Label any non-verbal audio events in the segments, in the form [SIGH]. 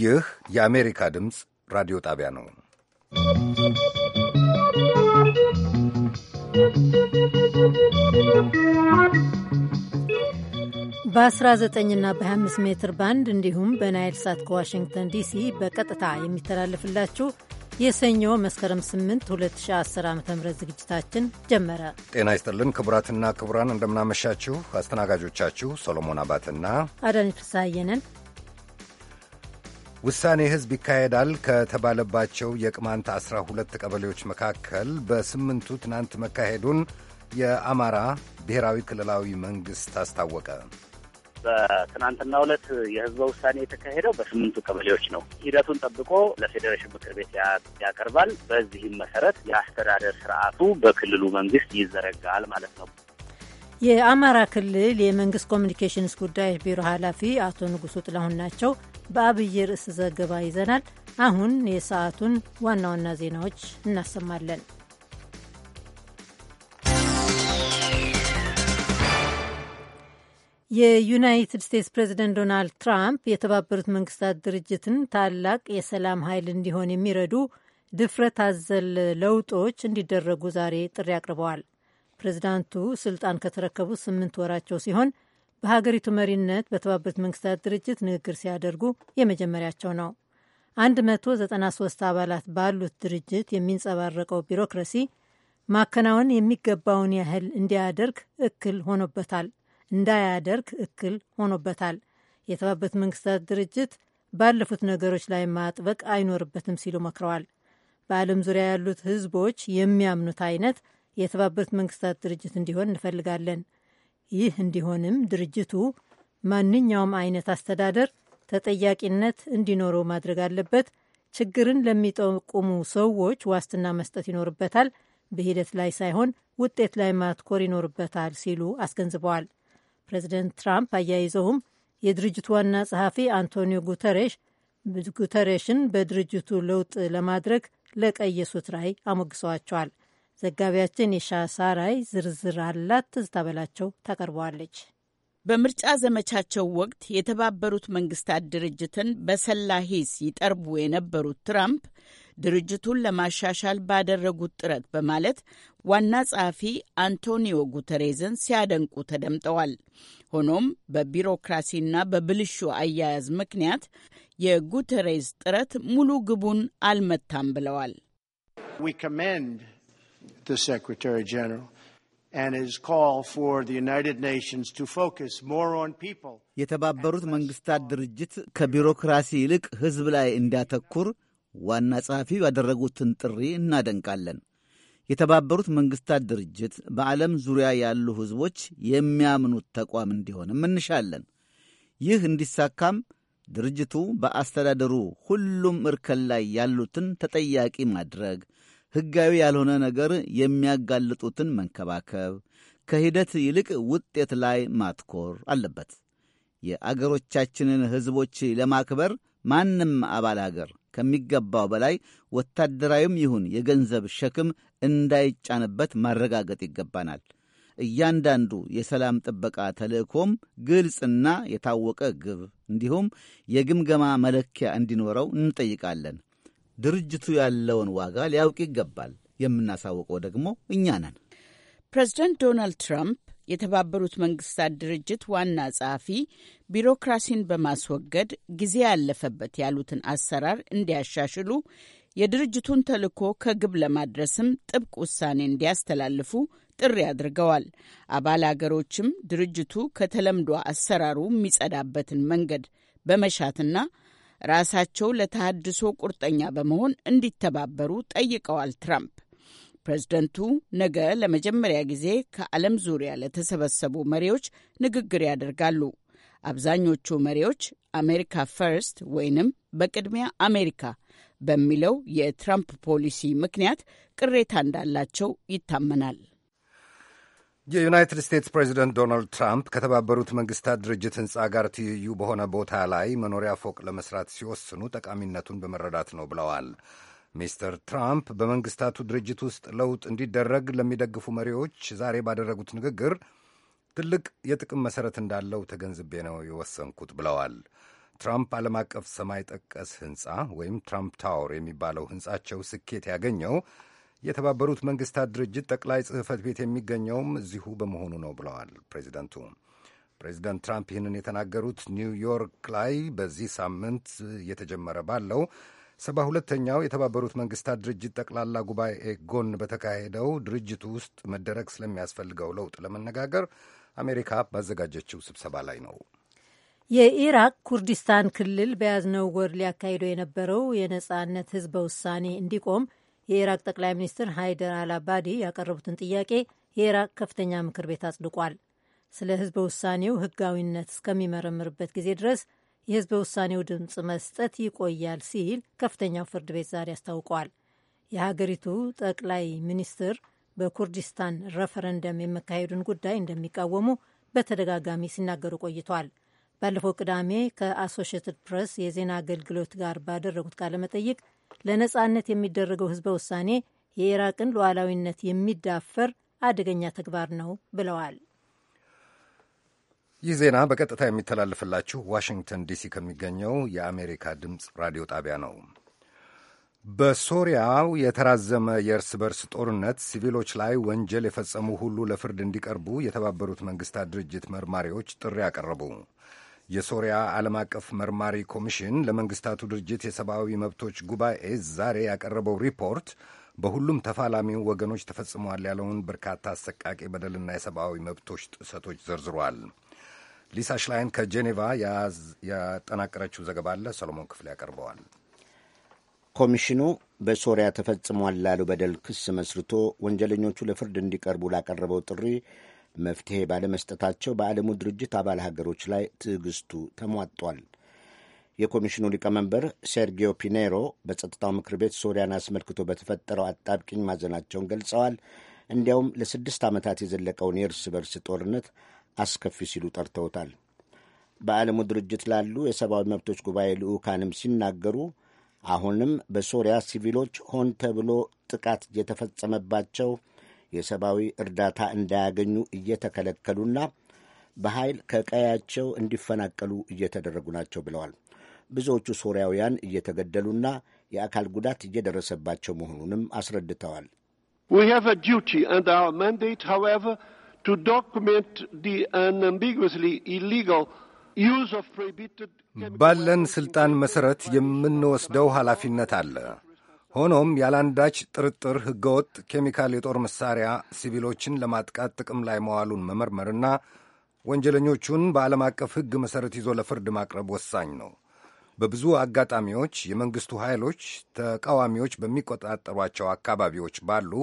ይህ የአሜሪካ ድምፅ ራዲዮ ጣቢያ ነው። 19 እና በ25 ሜትር ባንድ እንዲሁም በናይል ሳት ከዋሽንግተን ዲሲ በቀጥታ የሚተላለፍላችሁ የሰኞ መስከረም 8 2010 ዓ ም ዝግጅታችን ጀመረ። ጤና ይስጥልን ክቡራትና ክቡራን፣ እንደምናመሻችሁ። አስተናጋጆቻችሁ ሰሎሞን አባትና አዳነች ፍስሐዬ ነን። ውሳኔ ሕዝብ ይካሄዳል ከተባለባቸው የቅማንት አስራ ሁለት ቀበሌዎች መካከል በስምንቱ ትናንት መካሄዱን የአማራ ብሔራዊ ክልላዊ መንግስት አስታወቀ። በትናንትና ዕለት የህዝበ ውሳኔ የተካሄደው በስምንቱ ቀበሌዎች ነው። ሂደቱን ጠብቆ ለፌዴሬሽን ምክር ቤት ያቀርባል። በዚህም መሰረት የአስተዳደር ስርዓቱ በክልሉ መንግስት ይዘረጋል ማለት ነው። የአማራ ክልል የመንግስት ኮሚኒኬሽንስ ጉዳዮች ቢሮ ኃላፊ አቶ ንጉሱ ጥላሁን ናቸው። በአብይ ርዕስ ዘገባ ይዘናል። አሁን የሰዓቱን ዋና ዋና ዜናዎች እናሰማለን። የዩናይትድ ስቴትስ ፕሬዚደንት ዶናልድ ትራምፕ የተባበሩት መንግስታት ድርጅትን ታላቅ የሰላም ኃይል እንዲሆን የሚረዱ ድፍረት አዘል ለውጦች እንዲደረጉ ዛሬ ጥሪ አቅርበዋል። ፕሬዚዳንቱ ስልጣን ከተረከቡ ስምንት ወራቸው ሲሆን በሀገሪቱ መሪነት በተባበሩት መንግስታት ድርጅት ንግግር ሲያደርጉ የመጀመሪያቸው ነው። 193 አባላት ባሉት ድርጅት የሚንጸባረቀው ቢሮክራሲ ማከናወን የሚገባውን ያህል እንዲያደርግ እክል ሆኖበታል እንዳያደርግ እክል ሆኖበታል። የተባበሩት መንግስታት ድርጅት ባለፉት ነገሮች ላይ ማጥበቅ አይኖርበትም ሲሉ መክረዋል። በዓለም ዙሪያ ያሉት ህዝቦች የሚያምኑት አይነት የተባበሩት መንግስታት ድርጅት እንዲሆን እንፈልጋለን። ይህ እንዲሆንም ድርጅቱ ማንኛውም አይነት አስተዳደር ተጠያቂነት እንዲኖረው ማድረግ አለበት። ችግርን ለሚጠቁሙ ሰዎች ዋስትና መስጠት ይኖርበታል። በሂደት ላይ ሳይሆን ውጤት ላይ ማትኮር ይኖርበታል ሲሉ አስገንዝበዋል። ፕሬዚደንት ትራምፕ አያይዘውም የድርጅቱ ዋና ጸሐፊ አንቶኒዮ ጉተሬሽ ጉተሬሽን በድርጅቱ ለውጥ ለማድረግ ለቀየሱት ራዕይ አሞግሰዋቸዋል። ዘጋቢያችን የሻ ሳራይ ዝርዝር አላት። ትዝታ በላቸው ታቀርበዋለች። በምርጫ ዘመቻቸው ወቅት የተባበሩት መንግስታት ድርጅትን በሰላ ሂስ ይጠርቡ የነበሩት ትራምፕ ድርጅቱን ለማሻሻል ባደረጉት ጥረት በማለት ዋና ጸሐፊ አንቶኒዮ ጉተሬዝን ሲያደንቁ ተደምጠዋል። ሆኖም በቢሮክራሲና በብልሹ አያያዝ ምክንያት የጉተሬዝ ጥረት ሙሉ ግቡን አልመታም ብለዋል። the Secretary General. የተባበሩት መንግስታት ድርጅት ከቢሮክራሲ ይልቅ ህዝብ ላይ እንዲያተኩር ዋና ጸሐፊው ያደረጉትን ጥሪ እናደንቃለን። የተባበሩት መንግስታት ድርጅት በዓለም ዙሪያ ያሉ ህዝቦች የሚያምኑት ተቋም እንዲሆንም እንሻለን። ይህ እንዲሳካም ድርጅቱ በአስተዳደሩ ሁሉም እርከን ላይ ያሉትን ተጠያቂ ማድረግ ሕጋዊ ያልሆነ ነገር የሚያጋልጡትን መንከባከብ፣ ከሂደት ይልቅ ውጤት ላይ ማትኮር አለበት። የአገሮቻችንን ሕዝቦች ለማክበር ማንም አባል አገር ከሚገባው በላይ ወታደራዊም ይሁን የገንዘብ ሸክም እንዳይጫንበት ማረጋገጥ ይገባናል። እያንዳንዱ የሰላም ጥበቃ ተልእኮም ግልጽና የታወቀ ግብ እንዲሁም የግምገማ መለኪያ እንዲኖረው እንጠይቃለን። ድርጅቱ ያለውን ዋጋ ሊያውቅ ይገባል። የምናሳውቀው ደግሞ እኛ ነን። ፕሬዚደንት ዶናልድ ትራምፕ የተባበሩት መንግስታት ድርጅት ዋና ጸሐፊ ቢሮክራሲን በማስወገድ ጊዜ ያለፈበት ያሉትን አሰራር እንዲያሻሽሉ የድርጅቱን ተልዕኮ ከግብ ለማድረስም ጥብቅ ውሳኔ እንዲያስተላልፉ ጥሪ አድርገዋል። አባል አገሮችም ድርጅቱ ከተለምዶ አሰራሩ የሚጸዳበትን መንገድ በመሻትና ራሳቸው ለተሃድሶ ቁርጠኛ በመሆን እንዲተባበሩ ጠይቀዋል ትራምፕ። ፕሬዝደንቱ ነገ ለመጀመሪያ ጊዜ ከዓለም ዙሪያ ለተሰበሰቡ መሪዎች ንግግር ያደርጋሉ። አብዛኞቹ መሪዎች አሜሪካ ፈርስት ወይንም በቅድሚያ አሜሪካ በሚለው የትራምፕ ፖሊሲ ምክንያት ቅሬታ እንዳላቸው ይታመናል። የዩናይትድ ስቴትስ ፕሬዚደንት ዶናልድ ትራምፕ ከተባበሩት መንግስታት ድርጅት ሕንፃ ጋር ትይዩ በሆነ ቦታ ላይ መኖሪያ ፎቅ ለመስራት ሲወስኑ ጠቃሚነቱን በመረዳት ነው ብለዋል። ሚስተር ትራምፕ በመንግስታቱ ድርጅት ውስጥ ለውጥ እንዲደረግ ለሚደግፉ መሪዎች ዛሬ ባደረጉት ንግግር ትልቅ የጥቅም መሠረት እንዳለው ተገንዝቤ ነው የወሰንኩት ብለዋል። ትራምፕ ዓለም አቀፍ ሰማይ ጠቀስ ሕንፃ ወይም ትራምፕ ታወር የሚባለው ሕንፃቸው ስኬት ያገኘው የተባበሩት መንግስታት ድርጅት ጠቅላይ ጽህፈት ቤት የሚገኘውም እዚሁ በመሆኑ ነው ብለዋል ፕሬዚደንቱ። ፕሬዚደንት ትራምፕ ይህንን የተናገሩት ኒውዮርክ ላይ በዚህ ሳምንት እየተጀመረ ባለው ሰባ ሁለተኛው የተባበሩት መንግስታት ድርጅት ጠቅላላ ጉባኤ ጎን በተካሄደው ድርጅቱ ውስጥ መደረግ ስለሚያስፈልገው ለውጥ ለመነጋገር አሜሪካ ባዘጋጀችው ስብሰባ ላይ ነው። የኢራቅ ኩርዲስታን ክልል በያዝነው ወር ሊያካሂደው የነበረው የነጻነት ህዝበ ውሳኔ እንዲቆም የኢራቅ ጠቅላይ ሚኒስትር ሃይደር አልአባዲ ያቀረቡትን ጥያቄ የኢራቅ ከፍተኛ ምክር ቤት አጽድቋል። ስለ ህዝበ ውሳኔው ህጋዊነት እስከሚመረምርበት ጊዜ ድረስ የህዝበ ውሳኔው ድምፅ መስጠት ይቆያል ሲል ከፍተኛው ፍርድ ቤት ዛሬ አስታውቋል። የሀገሪቱ ጠቅላይ ሚኒስትር በኩርዲስታን ረፈረንደም የመካሄዱን ጉዳይ እንደሚቃወሙ በተደጋጋሚ ሲናገሩ ቆይቷል። ባለፈው ቅዳሜ ከአሶሽትድ ፕሬስ የዜና አገልግሎት ጋር ባደረጉት ቃለመጠይቅ ለነጻነት የሚደረገው ህዝበ ውሳኔ የኢራቅን ሉዓላዊነት የሚዳፈር አደገኛ ተግባር ነው ብለዋል። ይህ ዜና በቀጥታ የሚተላለፍላችሁ ዋሽንግተን ዲሲ ከሚገኘው የአሜሪካ ድምፅ ራዲዮ ጣቢያ ነው። በሶሪያው የተራዘመ የእርስ በርስ ጦርነት ሲቪሎች ላይ ወንጀል የፈጸሙ ሁሉ ለፍርድ እንዲቀርቡ የተባበሩት መንግስታት ድርጅት መርማሪዎች ጥሪ አቀረቡ። የሶሪያ ዓለም አቀፍ መርማሪ ኮሚሽን ለመንግስታቱ ድርጅት የሰብአዊ መብቶች ጉባኤ ዛሬ ያቀረበው ሪፖርት በሁሉም ተፋላሚ ወገኖች ተፈጽሟል ያለውን በርካታ አሰቃቂ በደልና የሰብአዊ መብቶች ጥሰቶች ዘርዝሯል። ሊሳ ሽላይን ከጄኔቫ ያጠናቀረችው ዘገባ አለ፣ ሰሎሞን ክፍሌ ያቀርበዋል። ኮሚሽኑ በሶሪያ ተፈጽሟል ላሉ በደል ክስ መስርቶ ወንጀለኞቹ ለፍርድ እንዲቀርቡ ላቀረበው ጥሪ መፍትሄ ባለመስጠታቸው በዓለሙ ድርጅት አባል ሀገሮች ላይ ትዕግስቱ ተሟጧል። የኮሚሽኑ ሊቀመንበር ሴርጊዮ ፒኔሮ በጸጥታው ምክር ቤት ሶሪያን አስመልክቶ በተፈጠረው አጣብቂኝ ማዘናቸውን ገልጸዋል። እንዲያውም ለስድስት ዓመታት የዘለቀውን የእርስ በርስ ጦርነት አስከፊ ሲሉ ጠርተውታል። በዓለሙ ድርጅት ላሉ የሰብአዊ መብቶች ጉባኤ ልዑካንም ሲናገሩ አሁንም በሶሪያ ሲቪሎች ሆን ተብሎ ጥቃት የተፈጸመባቸው የሰብአዊ እርዳታ እንዳያገኙ እየተከለከሉና በኃይል ከቀያቸው እንዲፈናቀሉ እየተደረጉ ናቸው ብለዋል። ብዙዎቹ ሶሪያውያን እየተገደሉና የአካል ጉዳት እየደረሰባቸው መሆኑንም አስረድተዋል። ባለን ስልጣን መሰረት የምንወስደው ኃላፊነት አለ። ሆኖም ያላንዳች ጥርጥር ሕገወጥ ኬሚካል የጦር መሳሪያ ሲቪሎችን ለማጥቃት ጥቅም ላይ መዋሉን መመርመርና ወንጀለኞቹን በዓለም አቀፍ ሕግ መሠረት ይዞ ለፍርድ ማቅረብ ወሳኝ ነው። በብዙ አጋጣሚዎች የመንግሥቱ ኃይሎች ተቃዋሚዎች በሚቆጣጠሯቸው አካባቢዎች ባሉ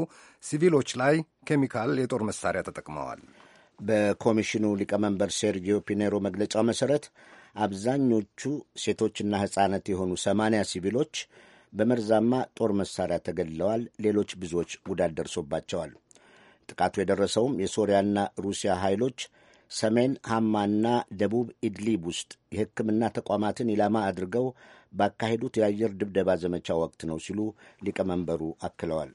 ሲቪሎች ላይ ኬሚካል የጦር መሳሪያ ተጠቅመዋል። በኮሚሽኑ ሊቀመንበር ሴርጊዮ ፒኔሮ መግለጫ መሠረት አብዛኞቹ ሴቶችና ሕፃናት የሆኑ ሰማንያ ሲቪሎች በመርዛማ ጦር መሳሪያ ተገድለዋል። ሌሎች ብዙዎች ጉዳት ደርሶባቸዋል። ጥቃቱ የደረሰውም የሶሪያና ሩሲያ ኃይሎች ሰሜን ሐማና ደቡብ ኢድሊብ ውስጥ የሕክምና ተቋማትን ኢላማ አድርገው ባካሄዱት የአየር ድብደባ ዘመቻ ወቅት ነው ሲሉ ሊቀመንበሩ አክለዋል።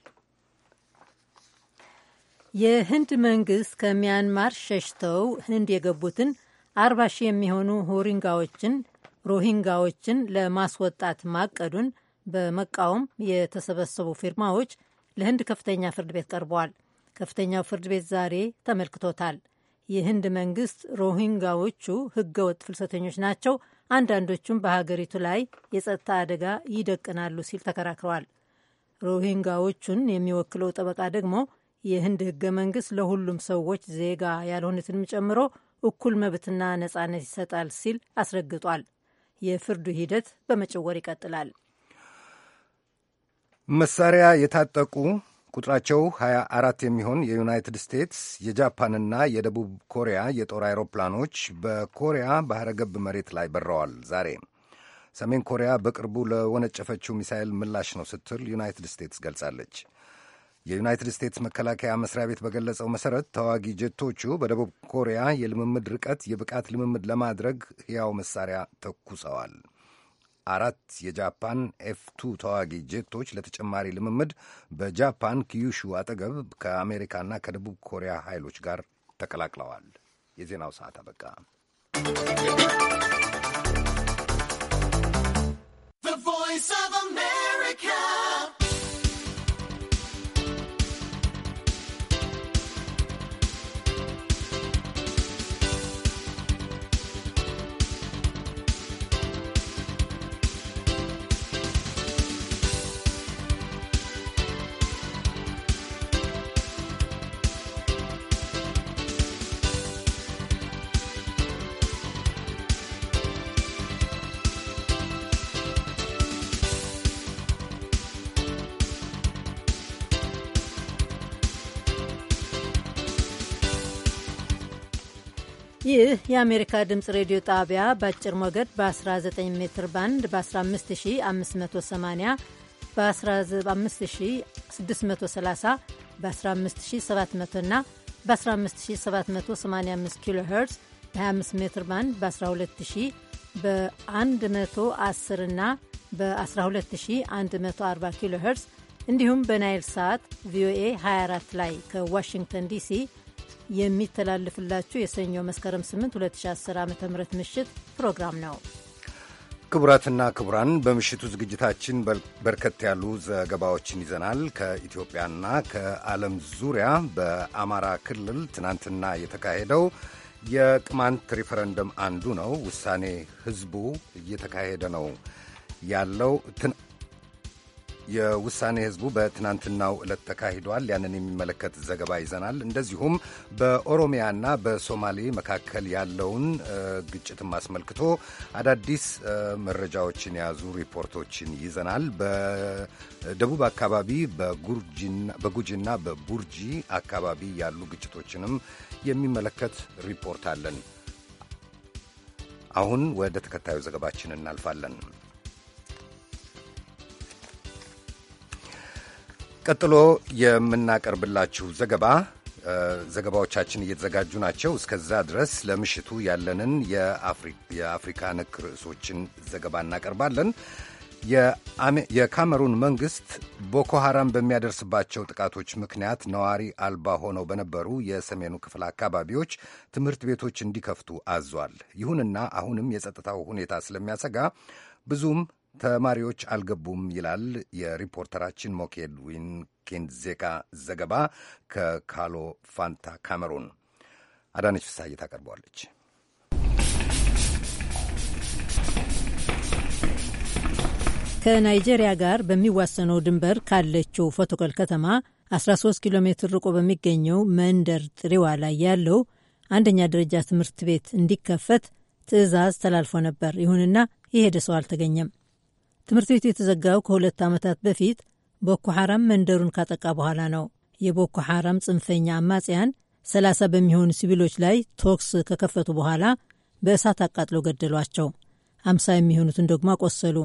የህንድ መንግሥት ከሚያንማር ሸሽተው ህንድ የገቡትን አርባ ሺህ የሚሆኑ ሮሂንጋዎችን ለማስወጣት ማቀዱን በመቃወም የተሰበሰቡ ፊርማዎች ለህንድ ከፍተኛ ፍርድ ቤት ቀርበዋል። ከፍተኛው ፍርድ ቤት ዛሬ ተመልክቶታል። የህንድ መንግስት ሮሂንጋዎቹ ህገወጥ ፍልሰተኞች ናቸው፣ አንዳንዶቹም በሀገሪቱ ላይ የጸጥታ አደጋ ይደቅናሉ ሲል ተከራክረዋል። ሮሂንጋዎቹን የሚወክለው ጠበቃ ደግሞ የህንድ ህገ መንግስት ለሁሉም ሰዎች ዜጋ ያልሆኑትንም ጨምሮ እኩል መብትና ነጻነት ይሰጣል ሲል አስረግጧል። የፍርዱ ሂደት በመጭወር ይቀጥላል። መሳሪያ የታጠቁ ቁጥራቸው 24 የሚሆን የዩናይትድ ስቴትስ የጃፓንና የደቡብ ኮሪያ የጦር አይሮፕላኖች በኮሪያ ባህረ ገብ መሬት ላይ በረዋል ዛሬ። ሰሜን ኮሪያ በቅርቡ ለወነጨፈችው ሚሳይል ምላሽ ነው ስትል ዩናይትድ ስቴትስ ገልጻለች። የዩናይትድ ስቴትስ መከላከያ መስሪያ ቤት በገለጸው መሠረት ተዋጊ ጀቶቹ በደቡብ ኮሪያ የልምምድ ርቀት የብቃት ልምምድ ለማድረግ ሕያው መሳሪያ ተኩሰዋል። አራት የጃፓን ኤፍቱ ተዋጊ ጄቶች ለተጨማሪ ልምምድ በጃፓን ኪዩሹ አጠገብ ከአሜሪካና ከደቡብ ኮሪያ ኃይሎች ጋር ተቀላቅለዋል። የዜናው ሰዓት አበቃ። ቮይስ ኦፍ አሜሪካ ይህ የአሜሪካ ድምፅ ሬዲዮ ጣቢያ በአጭር ሞገድ በ19 ሜትር ባንድ በ15580 በ15630 በ15700 እና በ15785 ኪሎ ሄርዝ በ25 ሜትር ባንድ በ12000 በ110 እና በ12140 ኪሎ ሄርዝ እንዲሁም በናይል ሳት ቪኦኤ 24 ላይ ከዋሽንግተን ዲሲ የሚተላልፍላችሁ የሰኞ መስከረም 8 2010 ዓ ም ምሽት ፕሮግራም ነው። ክቡራትና ክቡራን በምሽቱ ዝግጅታችን በርከት ያሉ ዘገባዎችን ይዘናል። ከኢትዮጵያና ከዓለም ዙሪያ በአማራ ክልል ትናንትና የተካሄደው የቅማንት ሪፈረንደም አንዱ ነው። ውሳኔ ህዝቡ እየተካሄደ ነው ያለው የውሳኔ ህዝቡ በትናንትናው ዕለት ተካሂዷል። ያንን የሚመለከት ዘገባ ይዘናል። እንደዚሁም በኦሮሚያና በሶማሌ መካከል ያለውን ግጭትም አስመልክቶ አዳዲስ መረጃዎችን የያዙ ሪፖርቶችን ይዘናል። በደቡብ አካባቢ በጉጂና በቡርጂ አካባቢ ያሉ ግጭቶችንም የሚመለከት ሪፖርት አለን። አሁን ወደ ተከታዩ ዘገባችን እናልፋለን። ቀጥሎ የምናቀርብላችሁ ዘገባ ዘገባዎቻችን እየተዘጋጁ ናቸው። እስከዛ ድረስ ለምሽቱ ያለንን የአፍሪካ ነክ ርዕሶችን ዘገባ እናቀርባለን። የካሜሩን መንግስት ቦኮ ሐራም በሚያደርስባቸው ጥቃቶች ምክንያት ነዋሪ አልባ ሆነው በነበሩ የሰሜኑ ክፍል አካባቢዎች ትምህርት ቤቶች እንዲከፍቱ አዟል። ይሁንና አሁንም የጸጥታው ሁኔታ ስለሚያሰጋ ብዙም ተማሪዎች አልገቡም ይላል የሪፖርተራችን ሞኬድ ዊን ኬንዜቃ ዘገባ ከካሎ ፋንታ ካሜሩን። አዳነች ፍስሐዬ ታቀርበዋለች። ከናይጄሪያ ጋር በሚዋሰነው ድንበር ካለችው ፎቶኮል ከተማ 13 ኪሎ ሜትር ርቆ በሚገኘው መንደር ጥሪዋ ላይ ያለው አንደኛ ደረጃ ትምህርት ቤት እንዲከፈት ትዕዛዝ ተላልፎ ነበር። ይሁንና የሄደ ሰው አልተገኘም። ትምህርት ቤቱ የተዘጋው ከሁለት ዓመታት በፊት ቦኮ ሐራም መንደሩን ካጠቃ በኋላ ነው። የቦኮ ሐራም ጽንፈኛ አማጽያን 30 በሚሆኑ ሲቪሎች ላይ ቶክስ ከከፈቱ በኋላ በእሳት አቃጥለው ገደሏቸው። አምሳ የሚሆኑትን ደግሞ አቆሰሉ።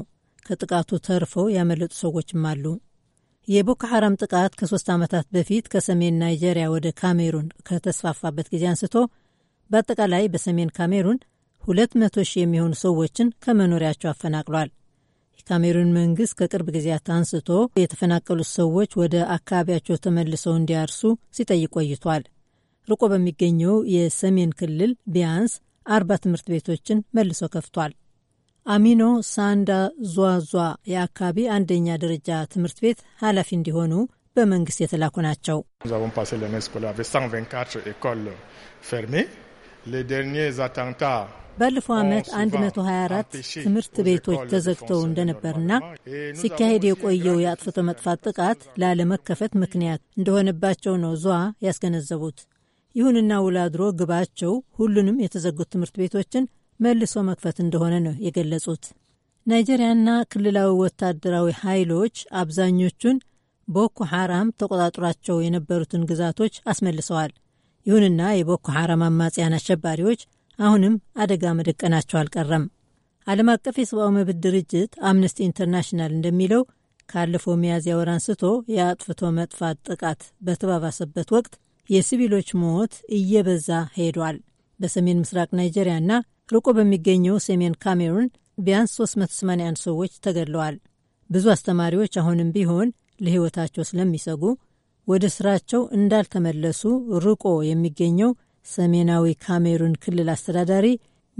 ከጥቃቱ ተርፈው ያመለጡ ሰዎችም አሉ። የቦኮ ሐራም ጥቃት ከሶስት ዓመታት በፊት ከሰሜን ናይጄሪያ ወደ ካሜሩን ከተስፋፋበት ጊዜ አንስቶ በአጠቃላይ በሰሜን ካሜሩን 200 ሺህ የሚሆኑ ሰዎችን ከመኖሪያቸው አፈናቅሏል። የካሜሩን መንግስት ከቅርብ ጊዜያት አንስቶ የተፈናቀሉት ሰዎች ወደ አካባቢያቸው ተመልሰው እንዲያርሱ ሲጠይቅ ቆይቷል። ርቆ በሚገኘው የሰሜን ክልል ቢያንስ አርባ ትምህርት ቤቶችን መልሶ ከፍቷል። አሚኖ ሳንዳ ዟዟ የአካባቢ አንደኛ ደረጃ ትምህርት ቤት ኃላፊ እንዲሆኑ በመንግስት የተላኩ ናቸው። ባለፈው ዓመት 124 ትምህርት ቤቶች ተዘግተው እንደነበርና ሲካሄድ የቆየው የአጥፍቶ መጥፋት ጥቃት ላለመከፈት ምክንያት እንደሆነባቸው ነው ዟ ያስገነዘቡት። ይሁንና ውላድሮ ግባቸው ሁሉንም የተዘጉት ትምህርት ቤቶችን መልሶ መክፈት እንደሆነ ነው የገለጹት። ናይጄሪያና ክልላዊ ወታደራዊ ኃይሎች አብዛኞቹን ቦኮ ሐራም ተቆጣጥሯቸው የነበሩትን ግዛቶች አስመልሰዋል። ይሁንና የቦኮ ሐራም አማጽያን አሸባሪዎች አሁንም አደጋ መደቀናቸው አልቀረም። ዓለም አቀፍ የሰብአዊ መብት ድርጅት አምነስቲ ኢንተርናሽናል እንደሚለው ካለፈው ሚያዝያ ወር አንስቶ የአጥፍቶ መጥፋት ጥቃት በተባባሰበት ወቅት የሲቪሎች ሞት እየበዛ ሄዷል። በሰሜን ምስራቅ ናይጄሪያና ርቆ በሚገኘው ሰሜን ካሜሩን ቢያንስ 381 ሰዎች ተገድለዋል። ብዙ አስተማሪዎች አሁንም ቢሆን ለሕይወታቸው ስለሚሰጉ ወደ ስራቸው እንዳልተመለሱ ርቆ የሚገኘው ሰሜናዊ ካሜሩን ክልል አስተዳዳሪ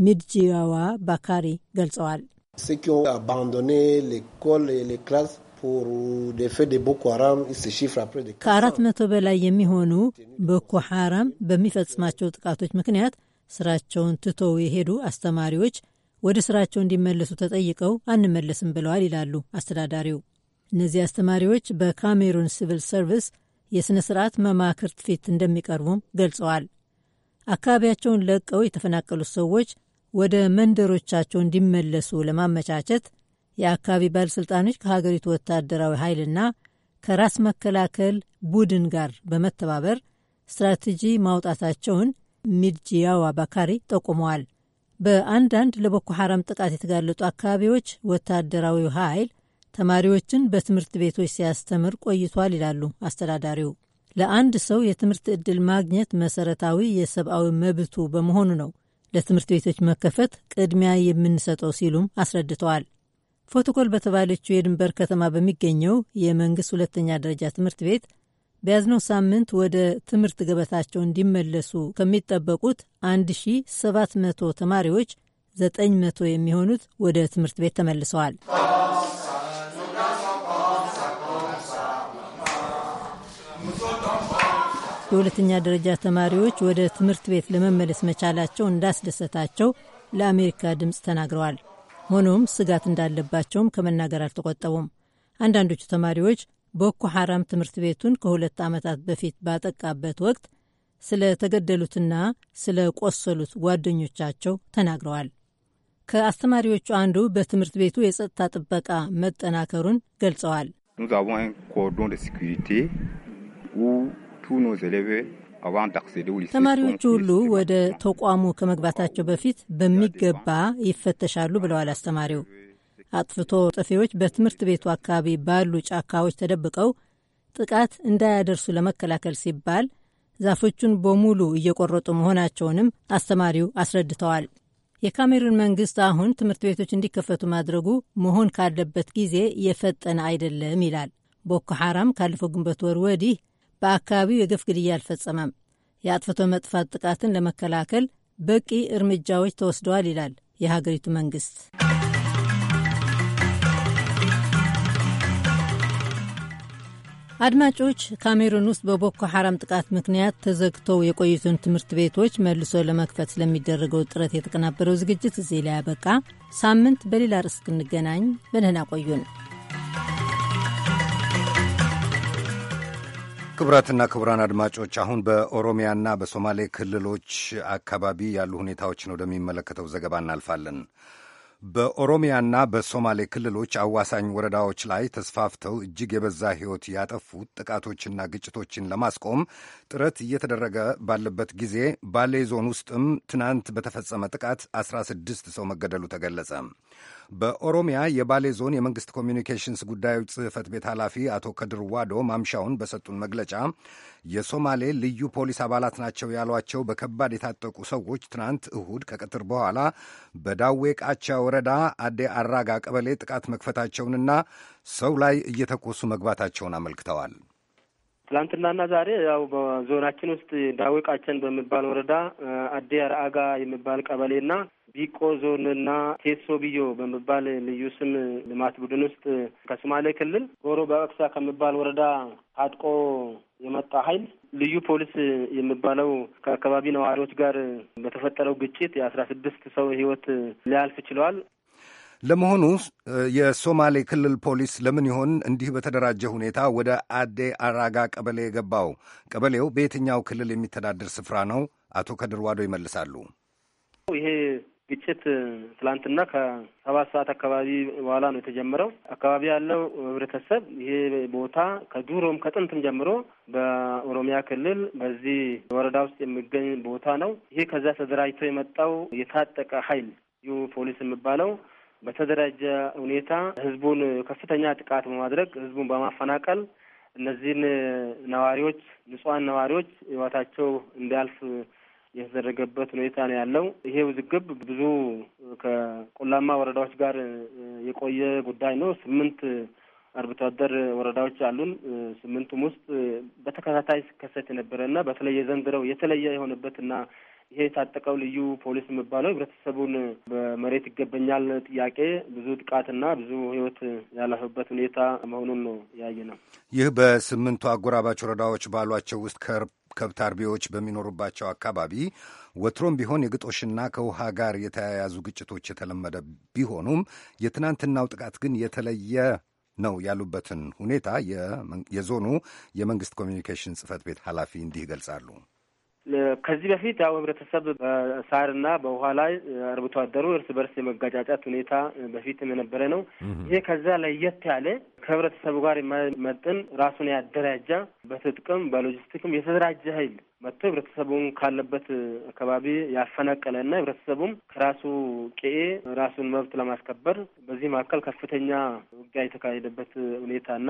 ሚድጂያዋ ባካሪ ገልጸዋል። ከአራት መቶ በላይ የሚሆኑ ቦኮ ሐራም በሚፈጽማቸው ጥቃቶች ምክንያት ስራቸውን ትተው የሄዱ አስተማሪዎች ወደ ስራቸው እንዲመለሱ ተጠይቀው አንመለስም ብለዋል ይላሉ አስተዳዳሪው። እነዚህ አስተማሪዎች በካሜሩን ሲቪል ሰርቪስ የሥነ ሥርዓት መማክርት ፊት እንደሚቀርቡም ገልጸዋል። አካባቢያቸውን ለቀው የተፈናቀሉት ሰዎች ወደ መንደሮቻቸው እንዲመለሱ ለማመቻቸት የአካባቢ ባለሥልጣኖች ከሀገሪቱ ወታደራዊ ኃይልና ከራስ መከላከል ቡድን ጋር በመተባበር ስትራቴጂ ማውጣታቸውን ሚድጂያዋ ባካሪ ጠቁመዋል። በአንዳንድ ለቦኮ ሐራም ጥቃት የተጋለጡ አካባቢዎች ወታደራዊ ኃይል ተማሪዎችን በትምህርት ቤቶች ሲያስተምር ቆይቷል ይላሉ አስተዳዳሪው። ለአንድ ሰው የትምህርት ዕድል ማግኘት መሰረታዊ የሰብአዊ መብቱ በመሆኑ ነው ለትምህርት ቤቶች መከፈት ቅድሚያ የምንሰጠው ሲሉም አስረድተዋል። ፎቶኮል በተባለችው የድንበር ከተማ በሚገኘው የመንግሥት ሁለተኛ ደረጃ ትምህርት ቤት በያዝነው ሳምንት ወደ ትምህርት ገበታቸው እንዲመለሱ ከሚጠበቁት 1700 ተማሪዎች 900 የሚሆኑት ወደ ትምህርት ቤት ተመልሰዋል። የሁለተኛ ደረጃ ተማሪዎች ወደ ትምህርት ቤት ለመመለስ መቻላቸው እንዳስደሰታቸው ለአሜሪካ ድምፅ ተናግረዋል። ሆኖም ስጋት እንዳለባቸውም ከመናገር አልተቆጠቡም። አንዳንዶቹ ተማሪዎች ቦኮ ሐራም ትምህርት ቤቱን ከሁለት ዓመታት በፊት ባጠቃበት ወቅት ስለተገደሉትና ስለ ቆሰሉት ጓደኞቻቸው ተናግረዋል። ከአስተማሪዎቹ አንዱ በትምህርት ቤቱ የጸጥታ ጥበቃ መጠናከሩን ገልጸዋል። ተማሪዎቹ ሁሉ ወደ ተቋሙ ከመግባታቸው በፊት በሚገባ ይፈተሻሉ ብለዋል አስተማሪው። አጥፍቶ ጠፊዎች በትምህርት ቤቱ አካባቢ ባሉ ጫካዎች ተደብቀው ጥቃት እንዳያደርሱ ለመከላከል ሲባል ዛፎቹን በሙሉ እየቆረጡ መሆናቸውንም አስተማሪው አስረድተዋል። የካሜሩን መንግስት አሁን ትምህርት ቤቶች እንዲከፈቱ ማድረጉ መሆን ካለበት ጊዜ የፈጠነ አይደለም ይላል። ቦኮ ሐራም ካለፈው ግንቦት ወር ወዲህ በአካባቢው የገፍ ግድያ አልፈጸመም። የአጥፍቶ መጥፋት ጥቃትን ለመከላከል በቂ እርምጃዎች ተወስደዋል ይላል የሀገሪቱ መንግስት። አድማጮች፣ ካሜሩን ውስጥ በቦኮ ሐራም ጥቃት ምክንያት ተዘግተው የቆዩትን ትምህርት ቤቶች መልሶ ለመክፈት ስለሚደረገው ጥረት የተቀናበረው ዝግጅት እዚህ ላይ ያበቃ። ሳምንት በሌላ ርዕስ እስክንገናኝ በደህና ቆዩን። ክቡራትና ክቡራን አድማጮች አሁን በኦሮሚያና በሶማሌ ክልሎች አካባቢ ያሉ ሁኔታዎችን ወደሚመለከተው ዘገባ እናልፋለን። በኦሮሚያና በሶማሌ ክልሎች አዋሳኝ ወረዳዎች ላይ ተስፋፍተው እጅግ የበዛ ሕይወት ያጠፉት ጥቃቶችና ግጭቶችን ለማስቆም ጥረት እየተደረገ ባለበት ጊዜ ባሌ ዞን ውስጥም ትናንት በተፈጸመ ጥቃት 16 ሰው መገደሉ ተገለጸ። በኦሮሚያ የባሌ ዞን የመንግስት ኮሚኒኬሽንስ ጉዳዮች ጽህፈት ቤት ኃላፊ አቶ ከድር ዋዶ ማምሻውን በሰጡን መግለጫ የሶማሌ ልዩ ፖሊስ አባላት ናቸው ያሏቸው በከባድ የታጠቁ ሰዎች ትናንት እሁድ ከቀትር በኋላ በዳዌ ቃቻ ወረዳ አዴ አራጋ ቀበሌ ጥቃት መክፈታቸውንና ሰው ላይ እየተኮሱ መግባታቸውን አመልክተዋል። ትላንትናና ዛሬ ያው በዞናችን ውስጥ ዳዊቃችን በሚባል ወረዳ አዴ አርአጋ የሚባል ቀበሌና ቢቆ ዞንና ቴሶ ብዮ በሚባል ልዩ ስም ልማት ቡድን ውስጥ ከሶማሌ ክልል ጎሮ በአቅሳ ከሚባል ወረዳ ታጥቆ የመጣ ኃይል ልዩ ፖሊስ የሚባለው ከአካባቢ ነዋሪዎች ጋር በተፈጠረው ግጭት የአስራ ስድስት ሰው ህይወት ሊያልፍ ችለዋል። ለመሆኑ የሶማሌ ክልል ፖሊስ ለምን ይሆን እንዲህ በተደራጀ ሁኔታ ወደ አዴ አራጋ ቀበሌ የገባው? ቀበሌው በየትኛው ክልል የሚተዳደር ስፍራ ነው? አቶ ከድር ዋዶ ይመልሳሉ። ይሄ ግጭት ትላንትና ከሰባት ሰዓት አካባቢ በኋላ ነው የተጀመረው። አካባቢ ያለው ህብረተሰብ ይሄ ቦታ ከዱሮም ከጥንትም ጀምሮ በኦሮሚያ ክልል በዚህ ወረዳ ውስጥ የሚገኝ ቦታ ነው። ይሄ ከዛ ተደራጅቶ የመጣው የታጠቀ ኃይል ዩ ፖሊስ የሚባለው በተደራጀ ሁኔታ ህዝቡን ከፍተኛ ጥቃት በማድረግ ህዝቡን በማፈናቀል እነዚህን ነዋሪዎች ንጹሀን ነዋሪዎች ህይወታቸው እንዲያልፍ የተደረገበት ሁኔታ ነው ያለው። ይሄ ውዝግብ ብዙ ከቆላማ ወረዳዎች ጋር የቆየ ጉዳይ ነው። ስምንት አርብቶ አደር ወረዳዎች አሉን። ስምንቱም ውስጥ በተከታታይ ሲከሰት የነበረ እና በተለየ ዘንድረው የተለየ የሆነበትና ይሄ የታጠቀው ልዩ ፖሊስ የሚባለው ህብረተሰቡን በመሬት ይገበኛል ጥያቄ ብዙ ጥቃትና ብዙ ህይወት ያለፈበት ሁኔታ መሆኑን ነው ያየ ነው። ይህ በስምንቱ አጎራባች ወረዳዎች ባሏቸው ውስጥ ከብት አርቢዎች በሚኖሩባቸው አካባቢ ወትሮም ቢሆን የግጦሽና ከውሃ ጋር የተያያዙ ግጭቶች የተለመደ ቢሆኑም የትናንትናው ጥቃት ግን የተለየ ነው ያሉበትን ሁኔታ የዞኑ የመንግስት ኮሚኒኬሽን ጽህፈት ቤት ኃላፊ እንዲህ ይገልጻሉ። ከዚህ በፊት ያው ህብረተሰብ በሳርና በውሃ ላይ አርብቶ አደሩ እርስ በርስ የመጋጫጫት ሁኔታ በፊትም የነበረ ነው። ይሄ ከዛ ለየት ያለ ከህብረተሰቡ ጋር የማይመጥን ራሱን ያደራጃ በትጥቅም በሎጂስቲክም የተደራጀ ኃይል መጥቶ ህብረተሰቡን ካለበት አካባቢ ያፈናቀለ እና ህብረተሰቡም ከራሱ ቄኤ ራሱን መብት ለማስከበር በዚህ መካከል ከፍተኛ ውጊያ የተካሄደበት ሁኔታና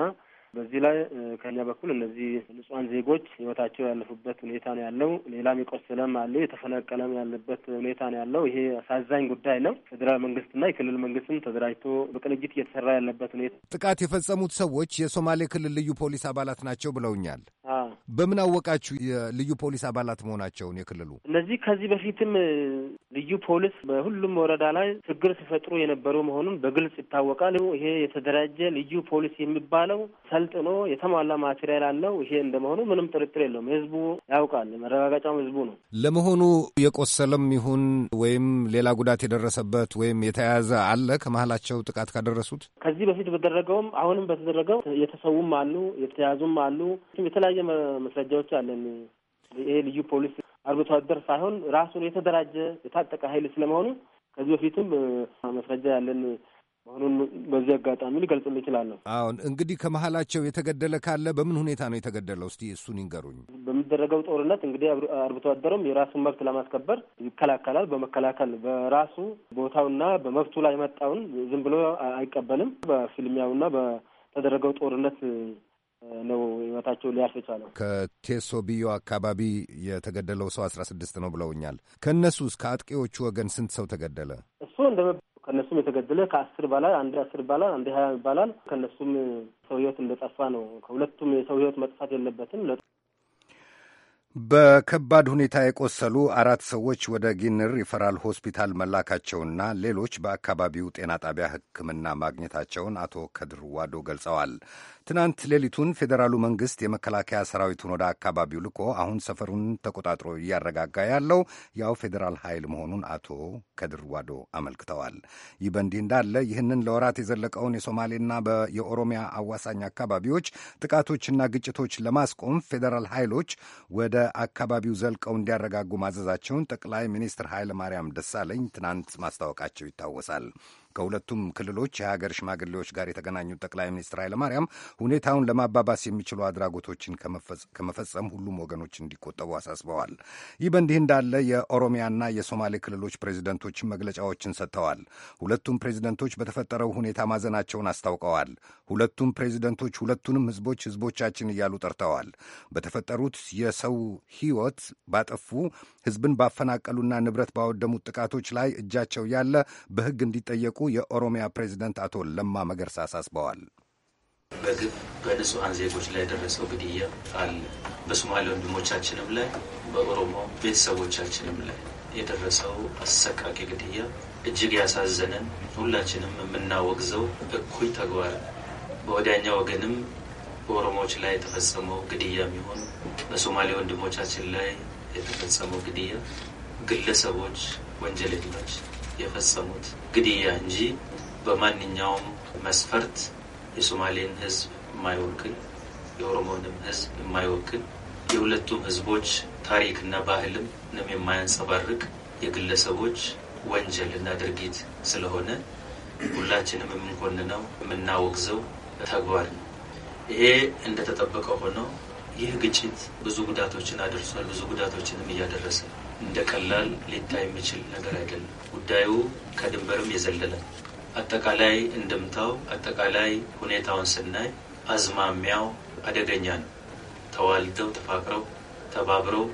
በዚህ ላይ ከኛ በኩል እነዚህ ንጹሐን ዜጎች ህይወታቸው ያለፉበት ሁኔታ ነው ያለው። ሌላም የቆሰለም አለ፣ የተፈናቀለም ያለበት ሁኔታ ነው ያለው። ይሄ አሳዛኝ ጉዳይ ነው። ፌዴራል መንግስትና የክልል መንግስትም ተደራጅቶ በቅንጅት እየተሰራ ያለበት ሁኔታ። ጥቃት የፈጸሙት ሰዎች የሶማሌ ክልል ልዩ ፖሊስ አባላት ናቸው ብለውኛል። በምን አወቃችሁ የልዩ ፖሊስ አባላት መሆናቸውን የክልሉ? እነዚህ ከዚህ በፊትም ልዩ ፖሊስ በሁሉም ወረዳ ላይ ችግር ሲፈጥሩ የነበሩ መሆኑን በግልጽ ይታወቃል። ይሄ የተደራጀ ልዩ ፖሊስ የሚባለው ሰልጥኖ የተሟላ ማቴሪያል አለው። ይሄ እንደመሆኑ ምንም ጥርጥር የለውም። ህዝቡ ያውቃል። መረጋገጫውም ህዝቡ ነው። ለመሆኑ የቆሰለም ይሁን ወይም ሌላ ጉዳት የደረሰበት ወይም የተያያዘ አለ ከመሀላቸው ጥቃት ካደረሱት? ከዚህ በፊት በደረገውም አሁንም በተደረገው የተሰውም አሉ የተያዙም አሉ የተለያየ መስረጃዎች አለን። ይሄ ልዩ ፖሊስ አርብቶ አደር ሳይሆን ራሱን የተደራጀ የታጠቀ ኃይል ስለመሆኑ ከዚህ በፊትም መስረጃ ያለን መሆኑን በዚህ አጋጣሚ ሊገልጽልህ እችላለሁ። አሁን እንግዲህ ከመሀላቸው የተገደለ ካለ በምን ሁኔታ ነው የተገደለው? እስቲ እሱን ይንገሩኝ። በሚደረገው ጦርነት እንግዲህ አርብቶ አደሩም የራሱን መብት ለማስከበር ይከላከላል። በመከላከል በራሱ ቦታውና በመብቱ ላይ መጣውን ዝም ብሎ አይቀበልም። በፊልሚያውና በተደረገው ጦርነት ነው ህይወታቸው ሊያልፍ የቻለው። ከቴሶ ብዮ አካባቢ የተገደለው ሰው አስራ ስድስት ነው ብለውኛል። ከእነሱ ውስጥ ከአጥቂዎቹ ወገን ስንት ሰው ተገደለ? እሱ እንደ ከእነሱም የተገደለ ከአስር ይባላል፣ አንድ አስር ይባላል፣ አንድ ሀያ ይባላል። ከእነሱም ሰው ህይወት እንደጠፋ ነው። ከሁለቱም የሰው ህይወት መጥፋት የለበትም። በከባድ ሁኔታ የቆሰሉ አራት ሰዎች ወደ ጊንር ሪፈራል ሆስፒታል መላካቸውና ሌሎች በአካባቢው ጤና ጣቢያ ሕክምና ማግኘታቸውን አቶ ከድር ዋዶ ገልጸዋል። ትናንት ሌሊቱን ፌዴራሉ መንግሥት የመከላከያ ሰራዊቱን ወደ አካባቢው ልኮ አሁን ሰፈሩን ተቆጣጥሮ እያረጋጋ ያለው ያው ፌዴራል ኃይል መሆኑን አቶ ከድር ዋዶ አመልክተዋል። ይህ በእንዲህ እንዳለ ይህንን ለወራት የዘለቀውን የሶማሌና የኦሮሚያ አዋሳኝ አካባቢዎች ጥቃቶችና ግጭቶች ለማስቆም ፌዴራል ኃይሎች ወደ በአካባቢው ዘልቀው እንዲያረጋጉ ማዘዛቸውን ጠቅላይ ሚኒስትር ኃይለ ማርያም ደሳለኝ ትናንት ማስታወቃቸው ይታወሳል። ከሁለቱም ክልሎች የሀገር ሽማግሌዎች ጋር የተገናኙት ጠቅላይ ሚኒስትር ኃይለማርያም ሁኔታውን ለማባባስ የሚችሉ አድራጎቶችን ከመፈጸም ሁሉም ወገኖች እንዲቆጠቡ አሳስበዋል። ይህ በእንዲህ እንዳለ የኦሮሚያና የሶማሌ ክልሎች ፕሬዚደንቶችን መግለጫዎችን ሰጥተዋል። ሁለቱም ፕሬዚደንቶች በተፈጠረው ሁኔታ ማዘናቸውን አስታውቀዋል። ሁለቱም ፕሬዚደንቶች ሁለቱንም ህዝቦች ህዝቦቻችን እያሉ ጠርተዋል። በተፈጠሩት የሰው ህይወት ባጠፉ ህዝብን ባፈናቀሉና ንብረት ባወደሙት ጥቃቶች ላይ እጃቸው ያለ በህግ እንዲጠየቁ የኦሮሚያ ፕሬዚደንት አቶ ለማ መገርሳ አሳስበዋል። በግብ በንጹሐን ዜጎች ላይ የደረሰው ግድያ አለ። በሶማሌ ወንድሞቻችንም ላይ በኦሮሞ ቤተሰቦቻችንም ላይ የደረሰው አሰቃቂ ግድያ እጅግ ያሳዘነን ሁላችንም የምናወግዘው እኩይ ተግባር በወዳኛ ወገንም በኦሮሞዎች ላይ የተፈጸመው ግድያ የሚሆን በሶማሌ ወንድሞቻችን ላይ የተፈጸመው ግድያ ግለሰቦች ወንጀለኞች የፈጸሙት ግድያ እንጂ በማንኛውም መስፈርት የሶማሌን ህዝብ የማይወክል የኦሮሞንም ህዝብ የማይወክል የሁለቱም ህዝቦች ታሪክና ባህልም የማያንጸባርቅ የግለሰቦች ወንጀል ድርጊት ስለሆነ ሁላችንም የምንኮንነው የምናወግዘው ተግባር ነው። ይሄ እንደተጠበቀ ሆነው ይህ ግጭት ብዙ ጉዳቶችን አድርሷል። ብዙ ጉዳቶችንም እያደረሰ ነው። እንደ ቀላል ሊታይ የሚችል ነገር አይደለም። ጉዳዩ ከድንበርም የዘለለ አጠቃላይ እንድምታው፣ አጠቃላይ ሁኔታውን ስናይ አዝማሚያው አደገኛ ነው። ተዋልደው ተፋቅረው ተባብረው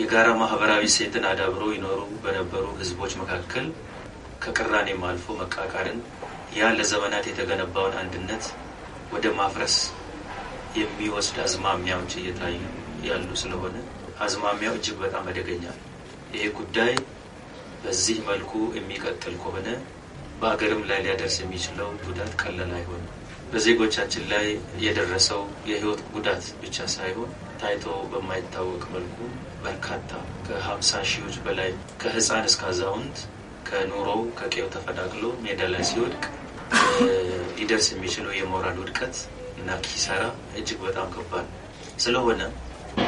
የጋራ ማህበራዊ ሴትን አዳብረው ይኖሩ በነበሩ ህዝቦች መካከል ከቅራኔም አልፎ መቃቃርን፣ ያ ለዘመናት የተገነባውን አንድነት ወደ ማፍረስ የሚወስድ አዝማሚያዎች እየታዩ ያሉ ስለሆነ አዝማሚያው እጅግ በጣም አደገኛ ነው። ይሄ ጉዳይ በዚህ መልኩ የሚቀጥል ከሆነ በአገርም ላይ ሊያደርስ የሚችለው ጉዳት ቀለል አይሆን። በዜጎቻችን ላይ የደረሰው የህይወት ጉዳት ብቻ ሳይሆን ታይቶ በማይታወቅ መልኩ በርካታ ከሀምሳ ሺዎች በላይ ከህፃን እስከ አዛውንት ከኑሮው ከቄው ተፈናቅሎ ሜዳ ላይ ሲወድቅ ሊደርስ የሚችለው የሞራል ውድቀት እና ኪሳራ እጅግ በጣም ከባድ ስለሆነ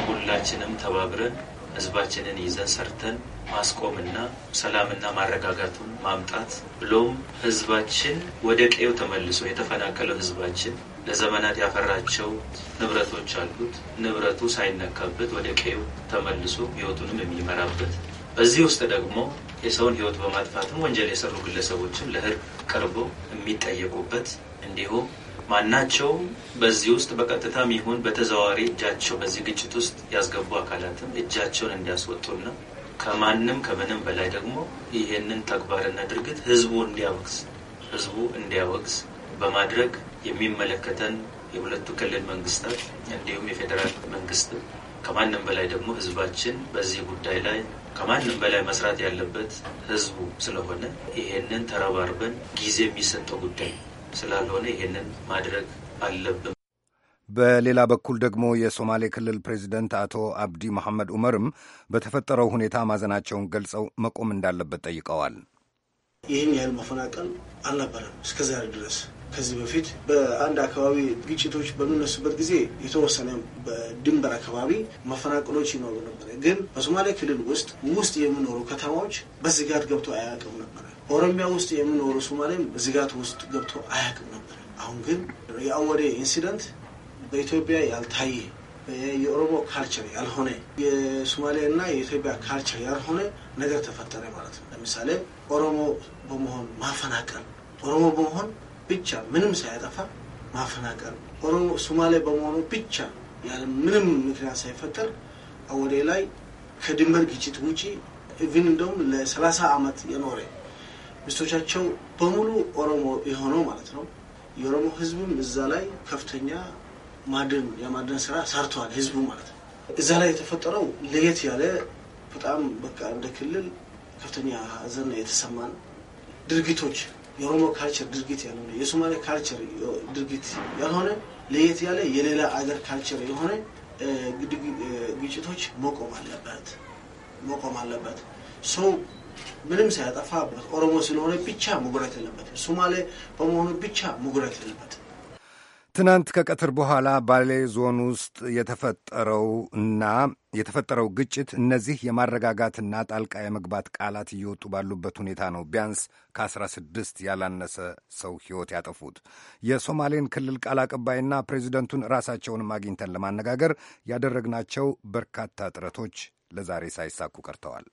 ሁላችንም ተባብረን ህዝባችንን ይዘን ሰርተን ማስቆምና ሰላምና ማረጋጋቱን ማምጣት ብሎም ህዝባችን ወደ ቀዬው ተመልሶ የተፈናቀለው ህዝባችን ለዘመናት ያፈራቸው ንብረቶች አሉት። ንብረቱ ሳይነካበት ወደ ቀዬው ተመልሶ ህይወቱንም የሚመራበት በዚህ ውስጥ ደግሞ የሰውን ህይወት በማጥፋትም ወንጀል የሰሩ ግለሰቦችም ለህግ ቀርቦ የሚጠየቁበት እንዲሁም ማናቸውም በዚህ ውስጥ በቀጥታም ይሁን በተዘዋዋሪ እጃቸው በዚህ ግጭት ውስጥ ያስገቡ አካላትም እጃቸውን እንዲያስወጡና ከማንም ከምንም በላይ ደግሞ ይህንን ተግባርና ድርጊት ህዝቡ እንዲያወግዝ ህዝቡ እንዲያወግዝ በማድረግ የሚመለከተን የሁለቱ ክልል መንግስታት እንዲሁም የፌዴራል መንግስት ከማንም በላይ ደግሞ ህዝባችን በዚህ ጉዳይ ላይ ከማንም በላይ መስራት ያለበት ህዝቡ ስለሆነ ይሄንን ተረባርበን ጊዜ የሚሰጠው ጉዳይ ስላልሆነ ይህንን ማድረግ አለብን። በሌላ በኩል ደግሞ የሶማሌ ክልል ፕሬዚደንት አቶ አብዲ መሐመድ ዑመርም በተፈጠረው ሁኔታ ማዘናቸውን ገልጸው መቆም እንዳለበት ጠይቀዋል። ይህን ያህል መፈናቀል አልነበረም እስከዛሬ ድረስ ከዚህ በፊት በአንድ አካባቢ ግጭቶች በሚነሱበት ጊዜ የተወሰነ በድንበር አካባቢ መፈናቀሎች ይኖሩ ነበር። ግን በሶማሌ ክልል ውስጥ ውስጥ የሚኖሩ ከተማዎች በዝጋት ገብቶ አያውቅም ነበር። ኦሮሚያ ውስጥ የሚኖሩ ሶማሌም በዝጋት ውስጥ ገብቶ አያውቅም ነበር። አሁን ግን የአወዴ ኢንሲደንት በኢትዮጵያ ያልታየ የኦሮሞ ካልቸር ያልሆነ የሶማሌ እና የኢትዮጵያ ካልቸር ያልሆነ ነገር ተፈጠረ ማለት ነው። ለምሳሌ ኦሮሞ በመሆን ማፈናቀል፣ ኦሮሞ በመሆን ብቻ ምንም ሳያጠፋ ማፈናቀል ኦሮሞ ሶማሌ በመሆኑ ብቻ ያለ ምንም ምክንያት ሳይፈጠር አወዴ ላይ ከድንበር ግጭት ውጪ ኢቭን እንደውም ለሰላሳ ዓመት የኖረ ሚስቶቻቸው በሙሉ ኦሮሞ የሆነው ማለት ነው። የኦሮሞ ህዝብም እዛ ላይ ከፍተኛ ማድን የማድን ስራ ሰርተዋል ህዝቡ ማለት ነው። እዛ ላይ የተፈጠረው ለየት ያለ በጣም በቃ እንደ ክልል ከፍተኛ ሀዘን የተሰማን ድርጊቶች የኦሮሞ ካልቸር ድርጊት ያልሆነ የሶማሌ ካልቸር ድርጊት ያልሆነ ለየት ያለ የሌላ አገር ካልቸር የሆነ ግጭቶች መቆም አለበት መቆም አለበት። ሰው ምንም ሳያጠፋበት ኦሮሞ ስለሆነ ብቻ ምጉረት የለበት፣ ሶማሌ በመሆኑ ብቻ ምጉረት የለበት። ትናንት ከቀትር በኋላ ባሌ ዞን ውስጥ የተፈጠረው እና የተፈጠረው ግጭት እነዚህ የማረጋጋትና ጣልቃ የመግባት ቃላት እየወጡ ባሉበት ሁኔታ ነው ቢያንስ ከ16 ያላነሰ ሰው ሕይወት ያጠፉት። የሶማሌን ክልል ቃል አቀባይና ፕሬዚደንቱን ራሳቸውንም አግኝተን ለማነጋገር ያደረግናቸው በርካታ ጥረቶች ለዛሬ ሳይሳኩ ቀርተዋል።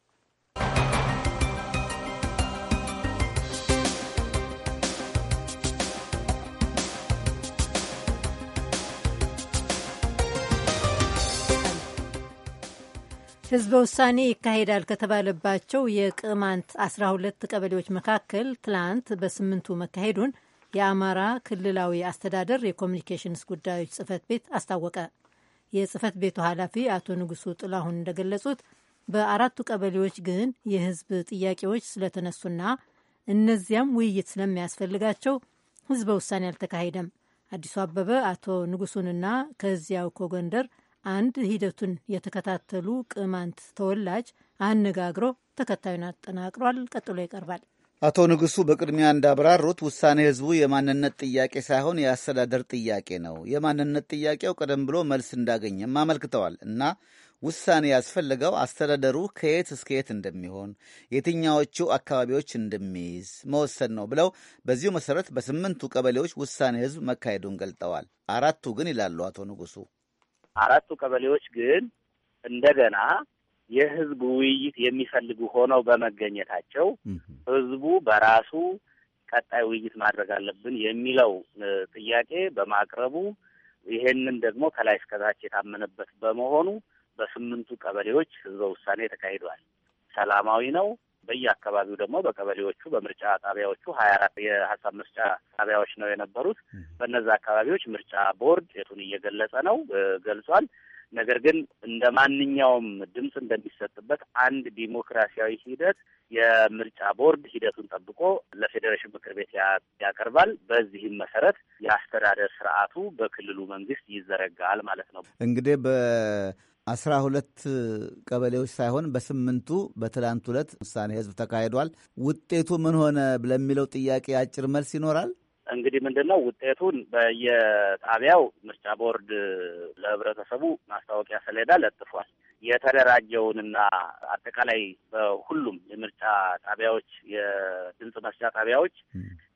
ህዝበ ውሳኔ ይካሄዳል ከተባለባቸው የቅማንት 12 ቀበሌዎች መካከል ትላንት በስምንቱ መካሄዱን የአማራ ክልላዊ አስተዳደር የኮሚኒኬሽንስ ጉዳዮች ጽህፈት ቤት አስታወቀ። የጽህፈት ቤቱ ኃላፊ አቶ ንጉሱ ጥላሁን እንደገለጹት በአራቱ ቀበሌዎች ግን የህዝብ ጥያቄዎች ስለተነሱና እነዚያም ውይይት ስለሚያስፈልጋቸው ህዝበ ውሳኔ አልተካሄደም። አዲሱ አበበ አቶ ንጉሱንና ከዚያው ከጎንደር አንድ ሂደቱን የተከታተሉ ቅማንት ተወላጅ አነጋግሮ ተከታዩን አጠናቅሯል። ቀጥሎ ይቀርባል። አቶ ንጉሱ በቅድሚያ እንዳብራሩት ውሳኔ ህዝቡ የማንነት ጥያቄ ሳይሆን የአስተዳደር ጥያቄ ነው። የማንነት ጥያቄው ቀደም ብሎ መልስ እንዳገኘም አመልክተዋል እና ውሳኔ ያስፈለገው አስተዳደሩ ከየት እስከ የት እንደሚሆን የትኛዎቹ አካባቢዎች እንደሚይዝ መወሰን ነው ብለው በዚሁ መሰረት በስምንቱ ቀበሌዎች ውሳኔ ህዝብ መካሄዱን ገልጠዋል። አራቱ ግን ይላሉ አቶ ንጉሱ አራቱ ቀበሌዎች ግን እንደገና የህዝብ ውይይት የሚፈልጉ ሆነው በመገኘታቸው ህዝቡ በራሱ ቀጣይ ውይይት ማድረግ አለብን የሚለው ጥያቄ በማቅረቡ ይሄንን ደግሞ ከላይ እስከታች የታመነበት በመሆኑ በስምንቱ ቀበሌዎች ህዝበ ውሳኔ ተካሂዷል። ሰላማዊ ነው። በየአካባቢው ደግሞ በቀበሌዎቹ በምርጫ ጣቢያዎቹ ሀያ አራት የሀሳብ መስጫ ጣቢያዎች ነው የነበሩት። በእነዛ አካባቢዎች ምርጫ ቦርድ የቱን እየገለጸ ነው ገልጿል። ነገር ግን እንደ ማንኛውም ድምፅ እንደሚሰጥበት አንድ ዲሞክራሲያዊ ሂደት የምርጫ ቦርድ ሂደቱን ጠብቆ ለፌዴሬሽን ምክር ቤት ያቀርባል። በዚህም መሰረት የአስተዳደር ስርዓቱ በክልሉ መንግስት ይዘረጋል ማለት ነው። እንግዲህ አስራ ሁለት ቀበሌዎች ሳይሆን በስምንቱ በትላንት ሁለት ውሳኔ ህዝብ ተካሂዷል። ውጤቱ ምን ሆነ ለሚለው ጥያቄ አጭር መልስ ይኖራል። እንግዲህ ምንድን ነው ውጤቱን በየጣቢያው ምርጫ ቦርድ ለህብረተሰቡ ማስታወቂያ ሰሌዳ ለጥፏል። የተደራጀውንና አጠቃላይ በሁሉም የምርጫ ጣቢያዎች የድምፅ መስጫ ጣቢያዎች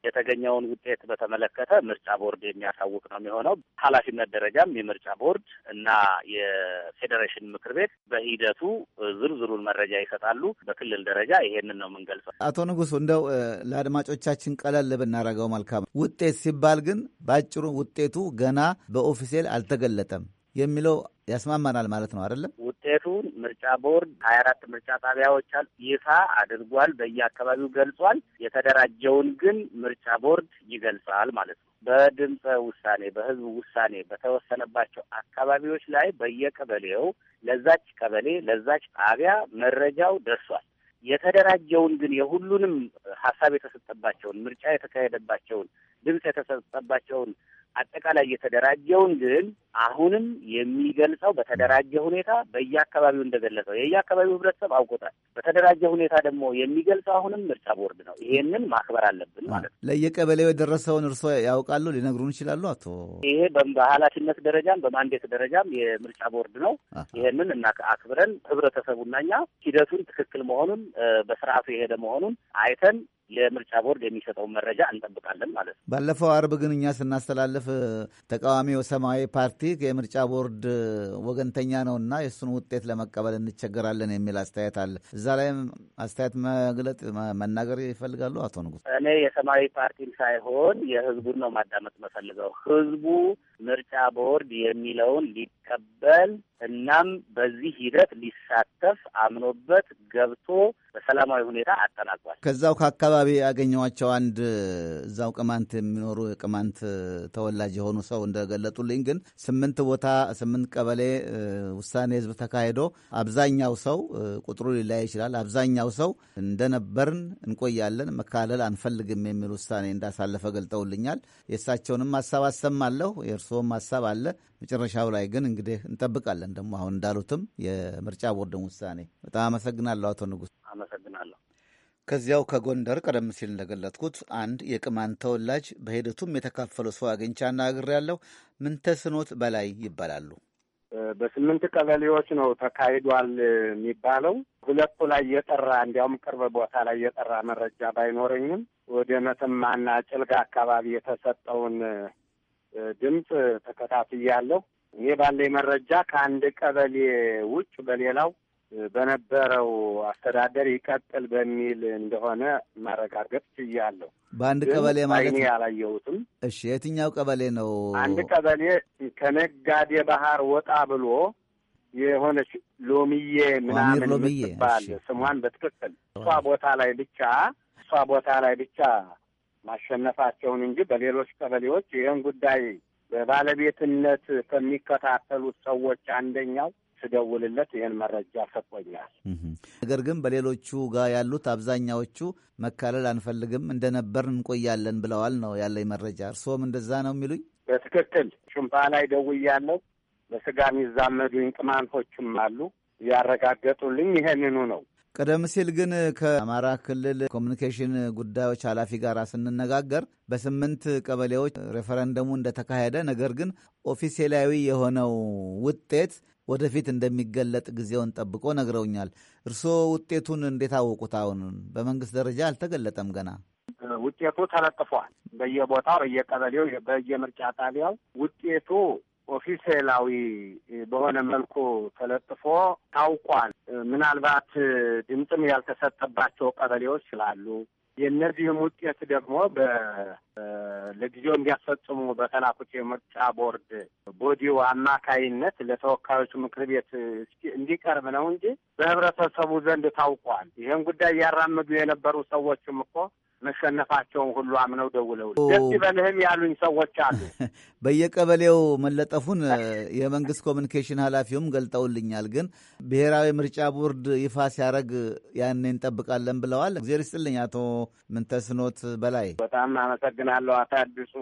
የተገኘውን ውጤት በተመለከተ ምርጫ ቦርድ የሚያሳውቅ ነው የሚሆነው። ኃላፊነት ደረጃም የምርጫ ቦርድ እና የፌዴሬሽን ምክር ቤት በሂደቱ ዝርዝሩን መረጃ ይሰጣሉ። በክልል ደረጃ ይሄንን ነው የምንገልጸው። አቶ ንጉሱ እንደው ለአድማጮቻችን ቀለል ብናደርገው መልካም። ውጤት ሲባል ግን በአጭሩ ውጤቱ ገና በኦፊሴል አልተገለጠም። የሚለው ያስማማናል ማለት ነው አይደለም? ውጤቱን ምርጫ ቦርድ ሀያ አራት ምርጫ ጣቢያዎች ይፋ አድርጓል፣ በየአካባቢው ገልጿል። የተደራጀውን ግን ምርጫ ቦርድ ይገልጻል ማለት ነው። በድምፀ ውሳኔ በህዝብ ውሳኔ በተወሰነባቸው አካባቢዎች ላይ በየቀበሌው ለዛች ቀበሌ ለዛች ጣቢያ መረጃው ደርሷል። የተደራጀውን ግን የሁሉንም ሀሳብ የተሰጠባቸውን ምርጫ የተካሄደባቸውን ድምፅ የተሰጠባቸውን አጠቃላይ የተደራጀውን ግን አሁንም የሚገልጸው በተደራጀ ሁኔታ በየአካባቢው እንደገለጸው የየአካባቢው ህብረተሰብ አውቆታል። በተደራጀ ሁኔታ ደግሞ የሚገልጸው አሁንም ምርጫ ቦርድ ነው። ይሄንን ማክበር አለብን ማለት ነው። ለየቀበሌው የደረሰውን እርስዎ ያውቃሉ፣ ሊነግሩን ይችላሉ? አቶ ይሄ በኃላፊነት ደረጃም በማንዴት ደረጃም የምርጫ ቦርድ ነው። ይሄንን እና አክብረን ህብረተሰቡና እኛ ሂደቱን ትክክል መሆኑን በስርዓቱ የሄደ መሆኑን አይተን የምርጫ ቦርድ የሚሰጠውን መረጃ እንጠብቃለን ማለት ነው። ባለፈው አርብ ግን እኛ ስናስተላልፍ ተቃዋሚው ሰማያዊ ፓርቲ የምርጫ ቦርድ ወገንተኛ ነው እና የእሱን ውጤት ለመቀበል እንቸገራለን የሚል አስተያየት አለ። እዛ ላይ አስተያየት መግለጥ መናገር ይፈልጋሉ አቶ ንጉስ? እኔ የሰማያዊ ፓርቲን ሳይሆን የህዝቡን ነው ማዳመጥ መፈልገው ህዝቡ ምርጫ ቦርድ የሚለውን ሊቀበል እናም በዚህ ሂደት ሊሳተፍ አምኖበት ገብቶ በሰላማዊ ሁኔታ አጠናቋል። ከዛው ከአካባቢ ያገኘኋቸው አንድ እዛው ቅማንት የሚኖሩ ቅማንት ተወላጅ የሆኑ ሰው እንደገለጡልኝ ግን ስምንት ቦታ ስምንት ቀበሌ ውሳኔ ህዝብ ተካሂዶ አብዛኛው ሰው ቁጥሩ ሊላይ ይችላል። አብዛኛው ሰው እንደነበርን እንቆያለን፣ መካለል አንፈልግም የሚል ውሳኔ እንዳሳለፈ ገልጠውልኛል። የእሳቸውንም አለሁ የእርስዎም ሀሳብ አለ። መጨረሻው ላይ ግን እንግዲህ እንጠብቃለን ደግሞ አሁን እንዳሉትም የምርጫ ቦርድን ውሳኔ። በጣም አመሰግናለሁ አቶ ንጉስ አመሰግናለሁ። ከዚያው ከጎንደር ቀደም ሲል እንደገለጥኩት አንድ የቅማን ተወላጅ በሂደቱም የተካፈለው ሰው አግኝቻ ያለው ምንተስኖት በላይ ይባላሉ። በስምንት ቀበሌዎች ነው ተካሂዷል የሚባለው። ሁለቱ ላይ የጠራ እንዲያውም ቅርብ ቦታ ላይ የጠራ መረጃ ባይኖረኝም ወደ መተማና ጭልጋ አካባቢ የተሰጠውን ድምፅ ተከታትያለሁ። እኔ ባለኝ መረጃ ከአንድ ቀበሌ ውጭ በሌላው በነበረው አስተዳደር ይቀጥል በሚል እንደሆነ ማረጋገጥ ችያለሁ። በአንድ ቀበሌ ማለት ያላየሁትም። እሺ፣ የትኛው ቀበሌ ነው? አንድ ቀበሌ ከነጋዴ ባህር ወጣ ብሎ የሆነች ሎሚዬ ምናምን የምትባል ስሟን በትክክል እሷ ቦታ ላይ ብቻ እሷ ቦታ ላይ ብቻ ማሸነፋቸውን እንጂ በሌሎች ቀበሌዎች ይህን ጉዳይ በባለቤትነት ከሚከታተሉት ሰዎች አንደኛው ስደውልለት ይህን መረጃ ሰጥቶኛል። ነገር ግን በሌሎቹ ጋር ያሉት አብዛኛዎቹ መካለል አንፈልግም እንደነበር እንቆያለን ብለዋል ነው ያለኝ መረጃ። እርስዎም እንደዛ ነው የሚሉኝ? በትክክል ሹምባ ላይ ደውያለሁ። በስጋ የሚዛመዱኝ ቅማንቶችም አሉ። እያረጋገጡልኝ ይህንኑ ነው። ቀደም ሲል ግን ከአማራ ክልል ኮሚኒኬሽን ጉዳዮች ኃላፊ ጋር ስንነጋገር በስምንት ቀበሌዎች ሬፈረንደሙ እንደተካሄደ ነገር ግን ኦፊሴላዊ የሆነው ውጤት ወደፊት እንደሚገለጥ ጊዜውን ጠብቆ ነግረውኛል። እርስዎ ውጤቱን እንዴት አወቁት? አሁን በመንግስት ደረጃ አልተገለጠም ገና። ውጤቱ ተለጥፏል። በየቦታው በየቀበሌው፣ በየምርጫ ጣቢያው ውጤቱ ኦፊሴላዊ በሆነ መልኩ ተለጥፎ ታውቋል። ምናልባት ድምፅም ያልተሰጠባቸው ቀበሌዎች ስላሉ የእነዚህም ውጤት ደግሞ ለጊዜው እንዲያስፈጽሙ በተላኩት የምርጫ ቦርድ ቦዲው አማካይነት ለተወካዮቹ ምክር ቤት እንዲቀርብ ነው እንጂ በህብረተሰቡ ዘንድ ታውቋል። ይህን ጉዳይ እያራመዱ የነበሩ ሰዎችም እኮ መሸነፋቸውን ሁሉ አምነው ደውለው ደስ ይበልህም ያሉኝ ሰዎች አሉ። [LAUGHS] በየቀበሌው መለጠፉን የመንግስት ኮሚኒኬሽን ኃላፊውም ገልጠውልኛል። ግን ብሔራዊ ምርጫ ቦርድ ይፋ ሲያደርግ ያኔ እንጠብቃለን ብለዋል። እግዜር ይስጥልኝ አቶ ምንተስኖት በላይ በጣም አመሰግናለሁ። አቶ አዲሱ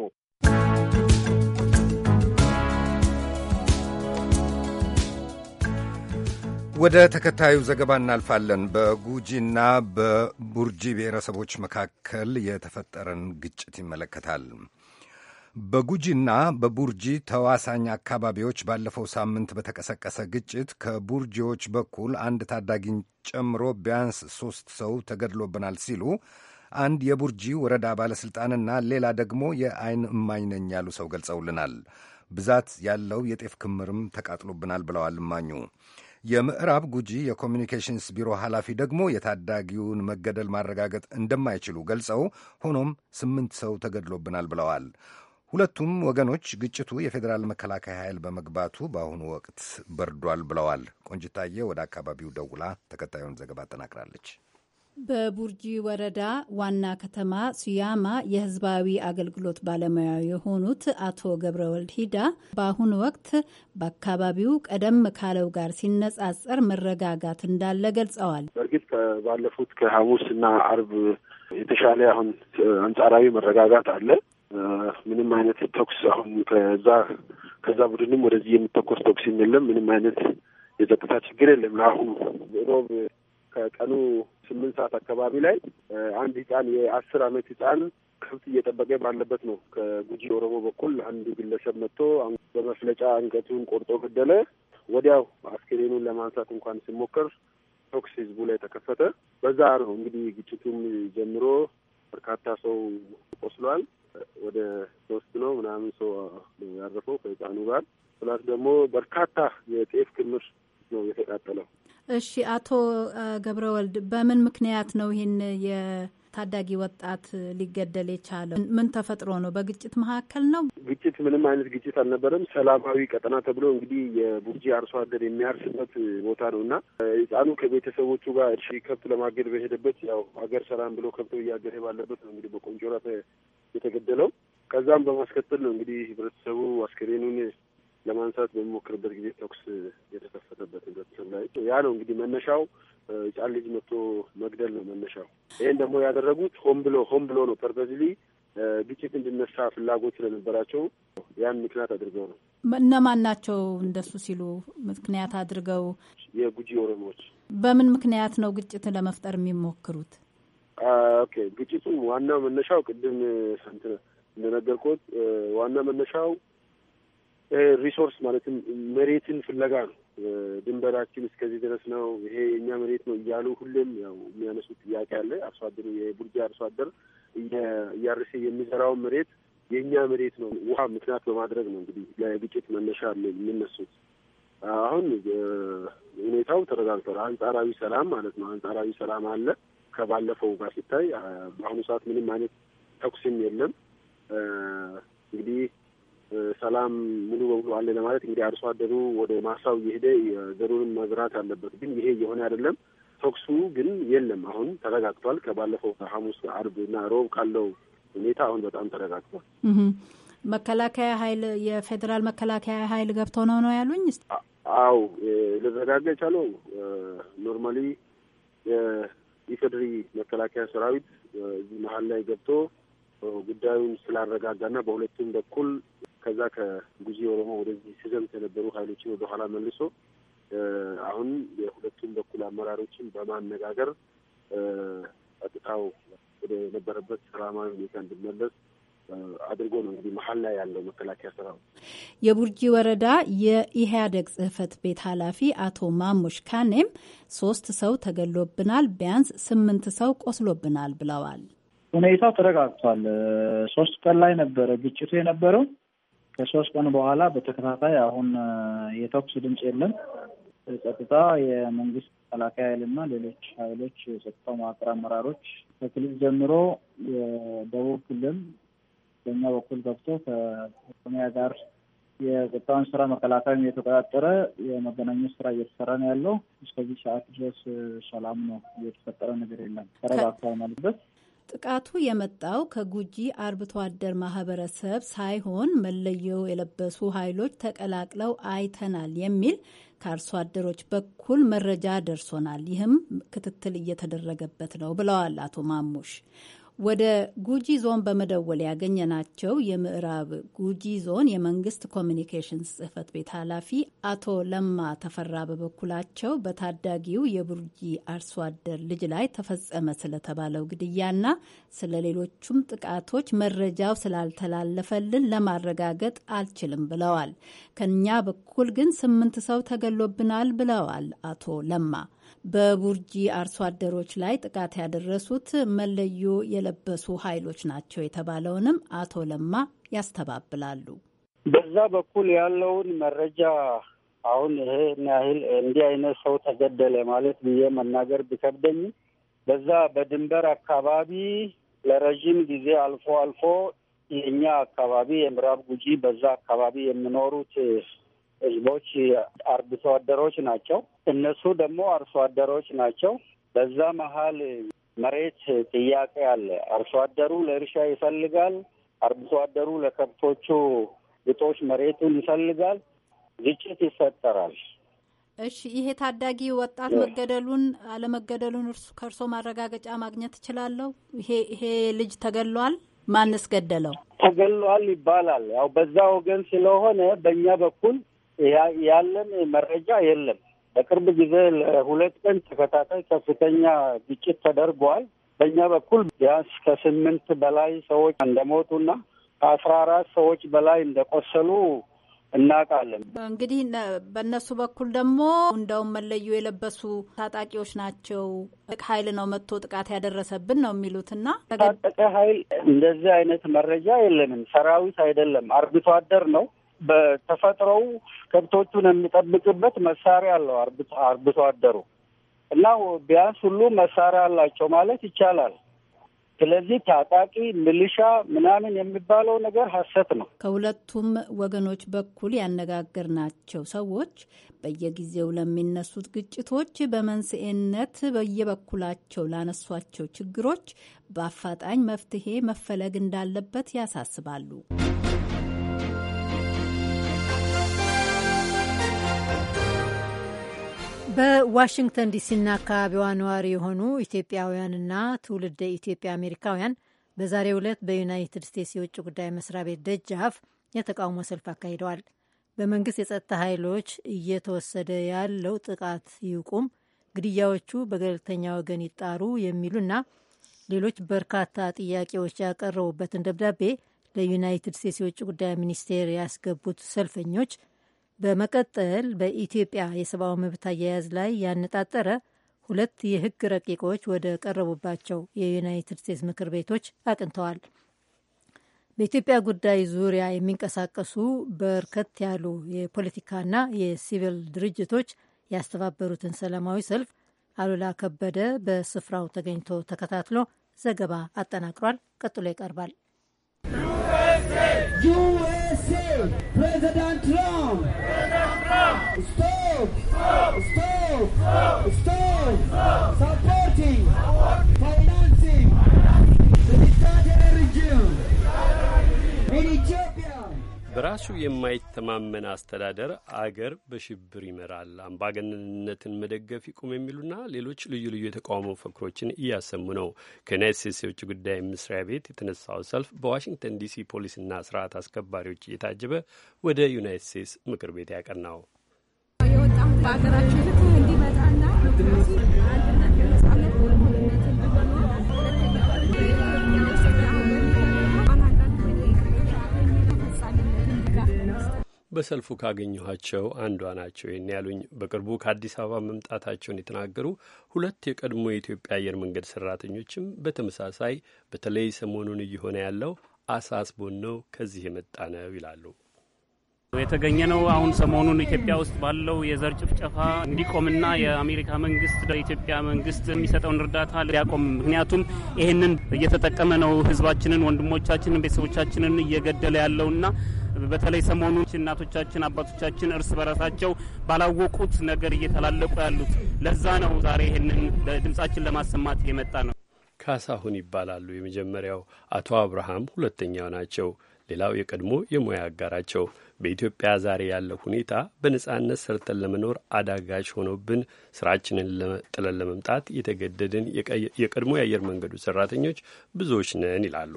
ወደ ተከታዩ ዘገባ እናልፋለን። በጉጂና በቡርጂ ብሔረሰቦች መካከል የተፈጠረን ግጭት ይመለከታል። በጉጂና በቡርጂ ተዋሳኝ አካባቢዎች ባለፈው ሳምንት በተቀሰቀሰ ግጭት ከቡርጂዎች በኩል አንድ ታዳጊን ጨምሮ ቢያንስ ሦስት ሰው ተገድሎብናል ሲሉ አንድ የቡርጂ ወረዳ ባለሥልጣንና ሌላ ደግሞ የአይን እማኝ ነኝ ያሉ ሰው ገልጸውልናል። ብዛት ያለው የጤፍ ክምርም ተቃጥሎብናል ብለዋል እማኙ። የምዕራብ ጉጂ የኮሚኒኬሽንስ ቢሮ ኃላፊ ደግሞ የታዳጊውን መገደል ማረጋገጥ እንደማይችሉ ገልጸው ሆኖም ስምንት ሰው ተገድሎብናል ብለዋል። ሁለቱም ወገኖች ግጭቱ የፌዴራል መከላከያ ኃይል በመግባቱ በአሁኑ ወቅት በርዷል ብለዋል። ቆንጅታየ ወደ አካባቢው ደውላ ተከታዩን ዘገባ አጠናቅራለች። በቡርጂ ወረዳ ዋና ከተማ ሱያማ የሕዝባዊ አገልግሎት ባለሙያ የሆኑት አቶ ገብረወልድ ሂዳ በአሁኑ ወቅት በአካባቢው ቀደም ካለው ጋር ሲነጻጸር መረጋጋት እንዳለ ገልጸዋል። በእርግጥ ባለፉት ከሐሙስ እና አርብ የተሻለ አሁን አንጻራዊ መረጋጋት አለ። ምንም አይነት ተኩስ አሁን ከዛ ከዛ ቡድንም ወደዚህ የሚተኮስ ተኩስ የለም። ምንም አይነት የጸጥታ ችግር የለም። ለአሁኑ ሮብ ከቀኑ ስምንት ሰዓት አካባቢ ላይ አንድ ህጻን የአስር አመት ህጻን ከብት እየጠበቀ ባለበት ነው ከጉጂ ኦሮሞ በኩል አንዱ ግለሰብ መጥቶ በመፍለጫ አንገቱን ቆርጦ ገደለ። ወዲያው አስክሬኑን ለማንሳት እንኳን ሲሞከር ቶክስ ህዝቡ ላይ ተከፈተ። በዛ ነው እንግዲህ ግጭቱም ጀምሮ በርካታ ሰው ቆስሏል። ወደ ሶስት ነው ምናምን ሰው ያረፈው ከህፃኑ ጋር። ፕላስ ደግሞ በርካታ የጤፍ ክምር ነው የተቃጠለው። እሺ፣ አቶ ገብረ ወልድ በምን ምክንያት ነው ይህን ታዳጊ ወጣት ሊገደል የቻለው ምን ተፈጥሮ ነው? በግጭት መካከል ነው? ግጭት ምንም አይነት ግጭት አልነበረም። ሰላማዊ ቀጠና ተብሎ እንግዲህ የቡርጂ አርሶ አደር የሚያርስበት ቦታ ነው እና ህፃኑ ከቤተሰቦቹ ጋር እሺ ከብት ለማገድ በሄደበት ያው ሀገር ሰላም ብሎ ከብቶ እያገደ ባለበት ነው እንግዲህ በቆንጆራ የተገደለው። ከዛም በማስከተል ነው እንግዲህ ህብረተሰቡ አስክሬኑን ለማንሳት በሚሞክርበት ጊዜ ተኩስ የተከፈተበት ህብረተሰብ ላይ ያ ነው እንግዲህ መነሻው። ህጻን ልጅ መጥቶ መግደል ነው መነሻው። ይህን ደግሞ ያደረጉት ሆን ብሎ ሆን ብሎ ነው ፐርፐዝሊ ግጭት እንዲነሳ ፍላጎት ስለነበራቸው ያን ምክንያት አድርገው ነው። እነማን ናቸው እንደሱ ሲሉ ምክንያት አድርገው? የጉጂ ኦሮሞዎች። በምን ምክንያት ነው ግጭት ለመፍጠር የሚሞክሩት? ኦኬ ግጭቱ ዋና መነሻው ቅድም ሰንት እንደነገርኩት ዋና መነሻው ሪሶርስ ማለትም መሬትን ፍለጋ ነው። ድንበራችን እስከዚህ ድረስ ነው፣ ይሄ የእኛ መሬት ነው እያሉ ሁሌም ያው የሚያነሱት ጥያቄ አለ። አርሶ አደሩ የቡርጂ አርሶ አደር እያርሴ የሚዘራውን መሬት የእኛ መሬት ነው ውሃ ምክንያት በማድረግ ነው እንግዲህ ለግጭት መነሻ የሚነሱት። አሁን ሁኔታው ተረጋግቷል። አንጻራዊ ሰላም ማለት ነው። አንጻራዊ ሰላም አለ ከባለፈው ጋር ሲታይ በአሁኑ ሰዓት ምንም አይነት ተኩስም የለም እንግዲህ ሰላም ሙሉ በሙሉ አለ ለማለት እንግዲህ አርሶ አደሩ ወደ ማሳው እየሄደ ዘሩንም መዝራት አለበት። ግን ይሄ የሆነ አይደለም። ተኩሱ ግን የለም። አሁን ተረጋግቷል። ከባለፈው ሐሙስ፣ አርብ እና ሮብ ካለው ሁኔታ አሁን በጣም ተረጋግቷል። መከላከያ ኃይል የፌዴራል መከላከያ ኃይል ገብቶ ነው ነው ያሉኝ። አው ልረጋጋ የቻለው ኖርማሊ የኢፌዴሪ መከላከያ ሰራዊት እዚህ መሀል ላይ ገብቶ ጉዳዩን ስላረጋጋና በሁለቱም በኩል ከዛ ከጉጂ ኦሮሞ ወደዚህ ሲዘምት የነበሩ ኃይሎችን ወደኋላ መልሶ አሁን የሁለቱም በኩል አመራሮችን በማነጋገር ጸጥታው ወደ ነበረበት ሰላማዊ ሁኔታ እንዲመለስ አድርጎ ነው እንግዲህ መሀል ላይ ያለው መከላከያ ስራ የቡርጂ ወረዳ የኢህአደግ ጽህፈት ቤት ኃላፊ አቶ ማሙሽ ካኔም ሶስት ሰው ተገሎብናል፣ ቢያንስ ስምንት ሰው ቆስሎብናል ብለዋል። ሁኔታው ተረጋግቷል። ሶስት ቀን ላይ ነበረ ግጭቱ የነበረው። ከሶስት ቀን በኋላ በተከታታይ አሁን የተኩስ ድምፅ የለም። ጸጥታ የመንግስት መከላከያ ኃይልና ሌሎች ኃይሎች የጸጥታው መዋቅር አመራሮች ከክልል ጀምሮ የደቡብ ክልል በኛ በኩል ገብቶ ከኦሮሚያ ጋር የጸጥታውን ስራ መከላከያ እየተቆጣጠረ የመገናኘ ስራ እየተሰራ ነው ያለው። እስከዚህ ሰዓት ድረስ ሰላም ነው፣ እየተፈጠረ ነገር የለም። ተረጋግቷል ማለበት ጥቃቱ የመጣው ከጉጂ አርብቶ አደር ማህበረሰብ ሳይሆን መለየው የለበሱ ኃይሎች ተቀላቅለው አይተናል የሚል ከአርሶ አደሮች በኩል መረጃ ደርሶናል። ይህም ክትትል እየተደረገበት ነው ብለዋል አቶ ማሙሽ። ወደ ጉጂ ዞን በመደወል ያገኘናቸው የምዕራብ ጉጂ ዞን የመንግስት ኮሚኒኬሽንስ ጽህፈት ቤት ኃላፊ አቶ ለማ ተፈራ በበኩላቸው በታዳጊው የቡርጂ አርሶ አደር ልጅ ላይ ተፈጸመ ስለተባለው ግድያና ስለ ሌሎቹም ጥቃቶች መረጃው ስላልተላለፈልን ለማረጋገጥ አልችልም ብለዋል። ከኛ በኩል ግን ስምንት ሰው ተገሎብናል ብለዋል አቶ ለማ በቡርጂ አርሶ አደሮች ላይ ጥቃት ያደረሱት መለዮ የለበሱ ኃይሎች ናቸው የተባለውንም አቶ ለማ ያስተባብላሉ። በዛ በኩል ያለውን መረጃ አሁን ይሄን ያህል እንዲህ አይነት ሰው ተገደለ ማለት ብዬ መናገር ቢከብደኝም በዛ በድንበር አካባቢ ለረዥም ጊዜ አልፎ አልፎ የእኛ አካባቢ የምዕራብ ጉጂ በዛ አካባቢ የሚኖሩት ህዝቦች አርብቶ አደሮች ናቸው። እነሱ ደግሞ አርሶ አደሮች ናቸው። በዛ መሀል መሬት ጥያቄ አለ። አርሶ አደሩ ለእርሻ ይፈልጋል። አርብቶ አደሩ ለከብቶቹ ግጦሽ መሬቱን ይፈልጋል። ግጭት ይፈጠራል። እሺ፣ ይሄ ታዳጊ ወጣት መገደሉን አለመገደሉን እርሱ ከእርሶ ማረጋገጫ ማግኘት እችላለሁ? ይሄ ይሄ ልጅ ተገሏል? ማንስ ገደለው? ተገሏል ይባላል። ያው በዛ ወገን ስለሆነ በእኛ በኩል ያለን መረጃ የለም። በቅርብ ጊዜ ለሁለት ቀን ተከታታይ ከፍተኛ ግጭት ተደርጓል። በእኛ በኩል ቢያንስ ከስምንት በላይ ሰዎች እንደሞቱና ከአስራ አራት ሰዎች በላይ እንደቆሰሉ እናውቃለን። እንግዲህ በእነሱ በኩል ደግሞ እንደውም መለዩ የለበሱ ታጣቂዎች ናቸው ኃይል ነው መጥቶ ጥቃት ያደረሰብን ነው የሚሉት እና ታጠቀ ኃይል እንደዚህ አይነት መረጃ የለንም። ሰራዊት አይደለም፣ አርብቶ አደር ነው በተፈጥሮው ከብቶቹን የሚጠብቅበት መሳሪያ አለው አርብቶ አደሩ እና ቢያንስ ሁሉ መሳሪያ አላቸው ማለት ይቻላል። ስለዚህ ታጣቂ ሚሊሻ ምናምን የሚባለው ነገር ሀሰት ነው። ከሁለቱም ወገኖች በኩል ያነጋገርናቸው ሰዎች በየጊዜው ለሚነሱት ግጭቶች በመንስኤነት በየበኩላቸው ላነሷቸው ችግሮች በአፋጣኝ መፍትሄ መፈለግ እንዳለበት ያሳስባሉ። በዋሽንግተን ዲሲና አካባቢዋ ነዋሪ የሆኑ ኢትዮጵያውያንና ትውልደ ኢትዮጵያ አሜሪካውያን በዛሬው ዕለት በዩናይትድ ስቴትስ የውጭ ጉዳይ መስሪያ ቤት ደጃፍ የተቃውሞ ሰልፍ አካሂደዋል። በመንግስት የጸጥታ ኃይሎች እየተወሰደ ያለው ጥቃት ይቁም፣ ግድያዎቹ በገለልተኛ ወገን ይጣሩ የሚሉና ሌሎች በርካታ ጥያቄዎች ያቀረቡበትን ደብዳቤ ለዩናይትድ ስቴትስ የውጭ ጉዳይ ሚኒስቴር ያስገቡት ሰልፈኞች በመቀጠል በኢትዮጵያ የሰብአዊ መብት አያያዝ ላይ ያነጣጠረ ሁለት የህግ ረቂቆች ወደ ቀረቡባቸው የዩናይትድ ስቴትስ ምክር ቤቶች አቅንተዋል። በኢትዮጵያ ጉዳይ ዙሪያ የሚንቀሳቀሱ በርከት ያሉ የፖለቲካና የሲቪል ድርጅቶች ያስተባበሩትን ሰላማዊ ሰልፍ አሉላ ከበደ በስፍራው ተገኝቶ ተከታትሎ ዘገባ አጠናቅሯል። ቀጥሎ ይቀርባል። President, Trump. President Trump. Stop. Stop. Stop. Stop. Stop. Stop. Supporting. Financing. The dictator regime. Religion. በራሱ የማይተማመን አስተዳደር አገር በሽብር ይመራል፣ አምባገነንነትን መደገፍ ይቁም የሚሉና ሌሎች ልዩ ልዩ የተቃውሞ ፈክሮችን እያሰሙ ነው። ከዩናይት ስቴትስ የውጭ ጉዳይ መስሪያ ቤት የተነሳው ሰልፍ በዋሽንግተን ዲሲ ፖሊስና ስርዓት አስከባሪዎች እየታጀበ ወደ ዩናይት ስቴትስ ምክር ቤት ያቀናው በሰልፉ ካገኘኋቸው አንዷ ናቸው። ይህን ያሉኝ በቅርቡ ከአዲስ አበባ መምጣታቸውን የተናገሩ ሁለት የቀድሞ የኢትዮጵያ አየር መንገድ ሰራተኞችም በተመሳሳይ በተለይ ሰሞኑን እየሆነ ያለው አሳስቦን ነው ከዚህ የመጣ ነው ይላሉ። የተገኘ ነው አሁን ሰሞኑን ኢትዮጵያ ውስጥ ባለው የዘር ጭፍጨፋ እንዲቆምና የአሜሪካ መንግስት ለኢትዮጵያ መንግስት የሚሰጠውን እርዳታ ሊያቆም፣ ምክንያቱም ይህንን እየተጠቀመ ነው ህዝባችንን፣ ወንድሞቻችንን፣ ቤተሰቦቻችንን እየገደለ ያለውና በተለይ ሰሞኑን እናቶቻችን አባቶቻችን እርስ በራሳቸው ባላወቁት ነገር እየተላለቁ ያሉት። ለዛ ነው ዛሬ ይህንን ድምጻችን ለማሰማት የመጣ ነው። ካሳሁን ይባላሉ የመጀመሪያው፣ አቶ አብርሃም ሁለተኛው ናቸው። ሌላው የቀድሞ የሙያ አጋራቸው በኢትዮጵያ ዛሬ ያለው ሁኔታ በነጻነት ሰርተን ለመኖር አዳጋች ሆኖብን ስራችንን ጥለን ለመምጣት የተገደድን የቀድሞ የአየር መንገዱ ሰራተኞች ብዙዎች ነን ይላሉ።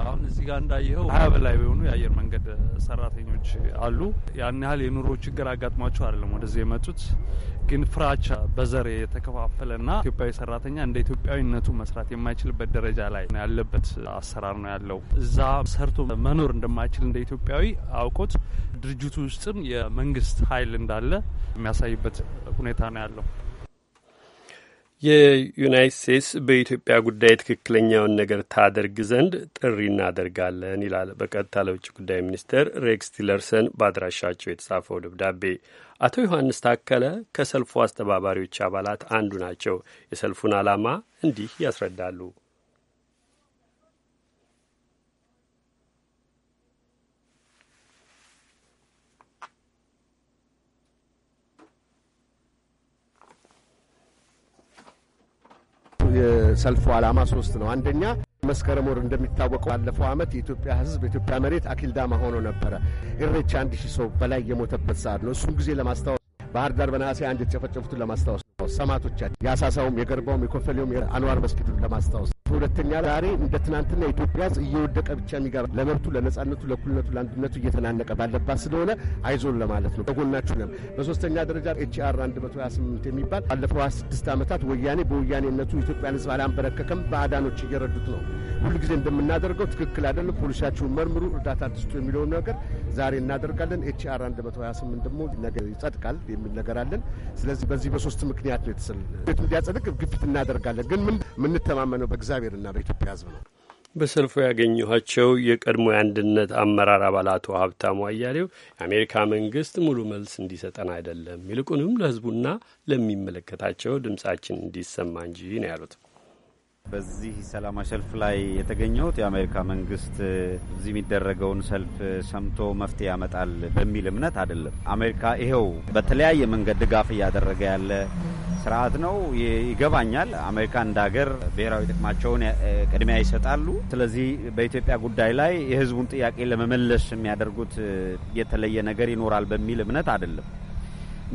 አሁን እዚህ ጋር እንዳየኸው ሀያ በላይ የሆኑ የአየር መንገድ ሰራተኞች አሉ። ያን ያህል የኑሮ ችግር አጋጥሟቸው አይደለም ወደዚህ የመጡት፣ ግን ፍራቻ በዘር የተከፋፈለና ኢትዮጵያዊ ሰራተኛ እንደ ኢትዮጵያዊነቱ መስራት የማይችልበት ደረጃ ላይ ያለበት አሰራር ነው ያለው። እዛ ሰርቶ መኖር እንደማይችል እንደ ኢትዮጵያዊ አውቆት ድርጅቱ ውስጥም የመንግስት ኃይል እንዳለ የሚያሳይበት ሁኔታ ነው ያለው። የዩናይት ስቴትስ በኢትዮጵያ ጉዳይ ትክክለኛውን ነገር ታደርግ ዘንድ ጥሪ እናደርጋለን ይላል በቀጥታ ለውጭ ጉዳይ ሚኒስትር ሬክስ ቲለርሰን በአድራሻቸው የተጻፈው ደብዳቤ። አቶ ዮሐንስ ታከለ ከሰልፉ አስተባባሪዎች አባላት አንዱ ናቸው። የሰልፉን ዓላማ እንዲህ ያስረዳሉ። የሰልፉ ዓላማ ሶስት ነው። አንደኛ መስከረም ወር እንደሚታወቀው ባለፈው ዓመት የኢትዮጵያ ሕዝብ የኢትዮጵያ መሬት አኪልዳማ ሆኖ ነበረ። ኢሬቻ አንድ ሺህ ሰው በላይ የሞተበት ሰዓት ነው። እሱን ጊዜ ለማስታወ ባህር ዳር በነሐሴ አንድ የተጨፈጨፉትን ለማስታወስ ነው። ሰማዕቶቻችን የአሳሳውም፣ የገርባውም፣ የኮፈሌውም የአንዋር መስጊዱን ለማስታወስ ሁለተኛ ዛሬ እንደ ትናንትና ኢትዮጵያ እየወደቀ ብቻ የሚገባ ለመብቱ፣ ለነጻነቱ፣ ለእኩልነቱ፣ ለአንድነቱ እየተናነቀ ባለባት ስለሆነ አይዞን ለማለት ነው። በጎናችሁ ነን። በሶስተኛ ደረጃ ኤችአር 128 የሚባል ባለፈው ስድስት ዓመታት ወያኔ በወያኔነቱ ኢትዮጵያን ሕዝብ አላንበረከከም። በአዳኖች እየረዱት ነው። ሁልጊዜ እንደምናደርገው ትክክል አይደለም፣ ፖሊሲያችሁን መርምሩ፣ እርዳታ ትስጡ የሚለውን ነገር ዛሬ እናደርጋለን። ኤችአር 128 ደግሞ ነገ ይጸድቃል። የሚል ነገር አለን። ስለዚህ በዚህ በሶስት ምክንያት ነው የተሰል እንዲያጸድቅ ግፊት እናደርጋለን። ግን ምን የምንተማመነው በእግዚአብሔርና በኢትዮጵያ ሕዝብ ነው። በሰልፎ ያገኘኋቸው የቀድሞ የአንድነት አመራር አባላቱ ሀብታሙ አያሌው የአሜሪካ መንግስት ሙሉ መልስ እንዲሰጠን አይደለም፣ ይልቁንም ለህዝቡና ለሚመለከታቸው ድምጻችን እንዲሰማ እንጂ ነው ያሉት። በዚህ ሰላማዊ ሰልፍ ላይ የተገኘሁት የአሜሪካ መንግስት እዚህ የሚደረገውን ሰልፍ ሰምቶ መፍትሄ ያመጣል በሚል እምነት አይደለም። አሜሪካ ይሄው በተለያየ መንገድ ድጋፍ እያደረገ ያለ ስርዓት ነው። ይገባኛል። አሜሪካ እንደ ሀገር ብሔራዊ ጥቅማቸውን ቅድሚያ ይሰጣሉ። ስለዚህ በኢትዮጵያ ጉዳይ ላይ የህዝቡን ጥያቄ ለመመለስ የሚያደርጉት የተለየ ነገር ይኖራል በሚል እምነት አይደለም።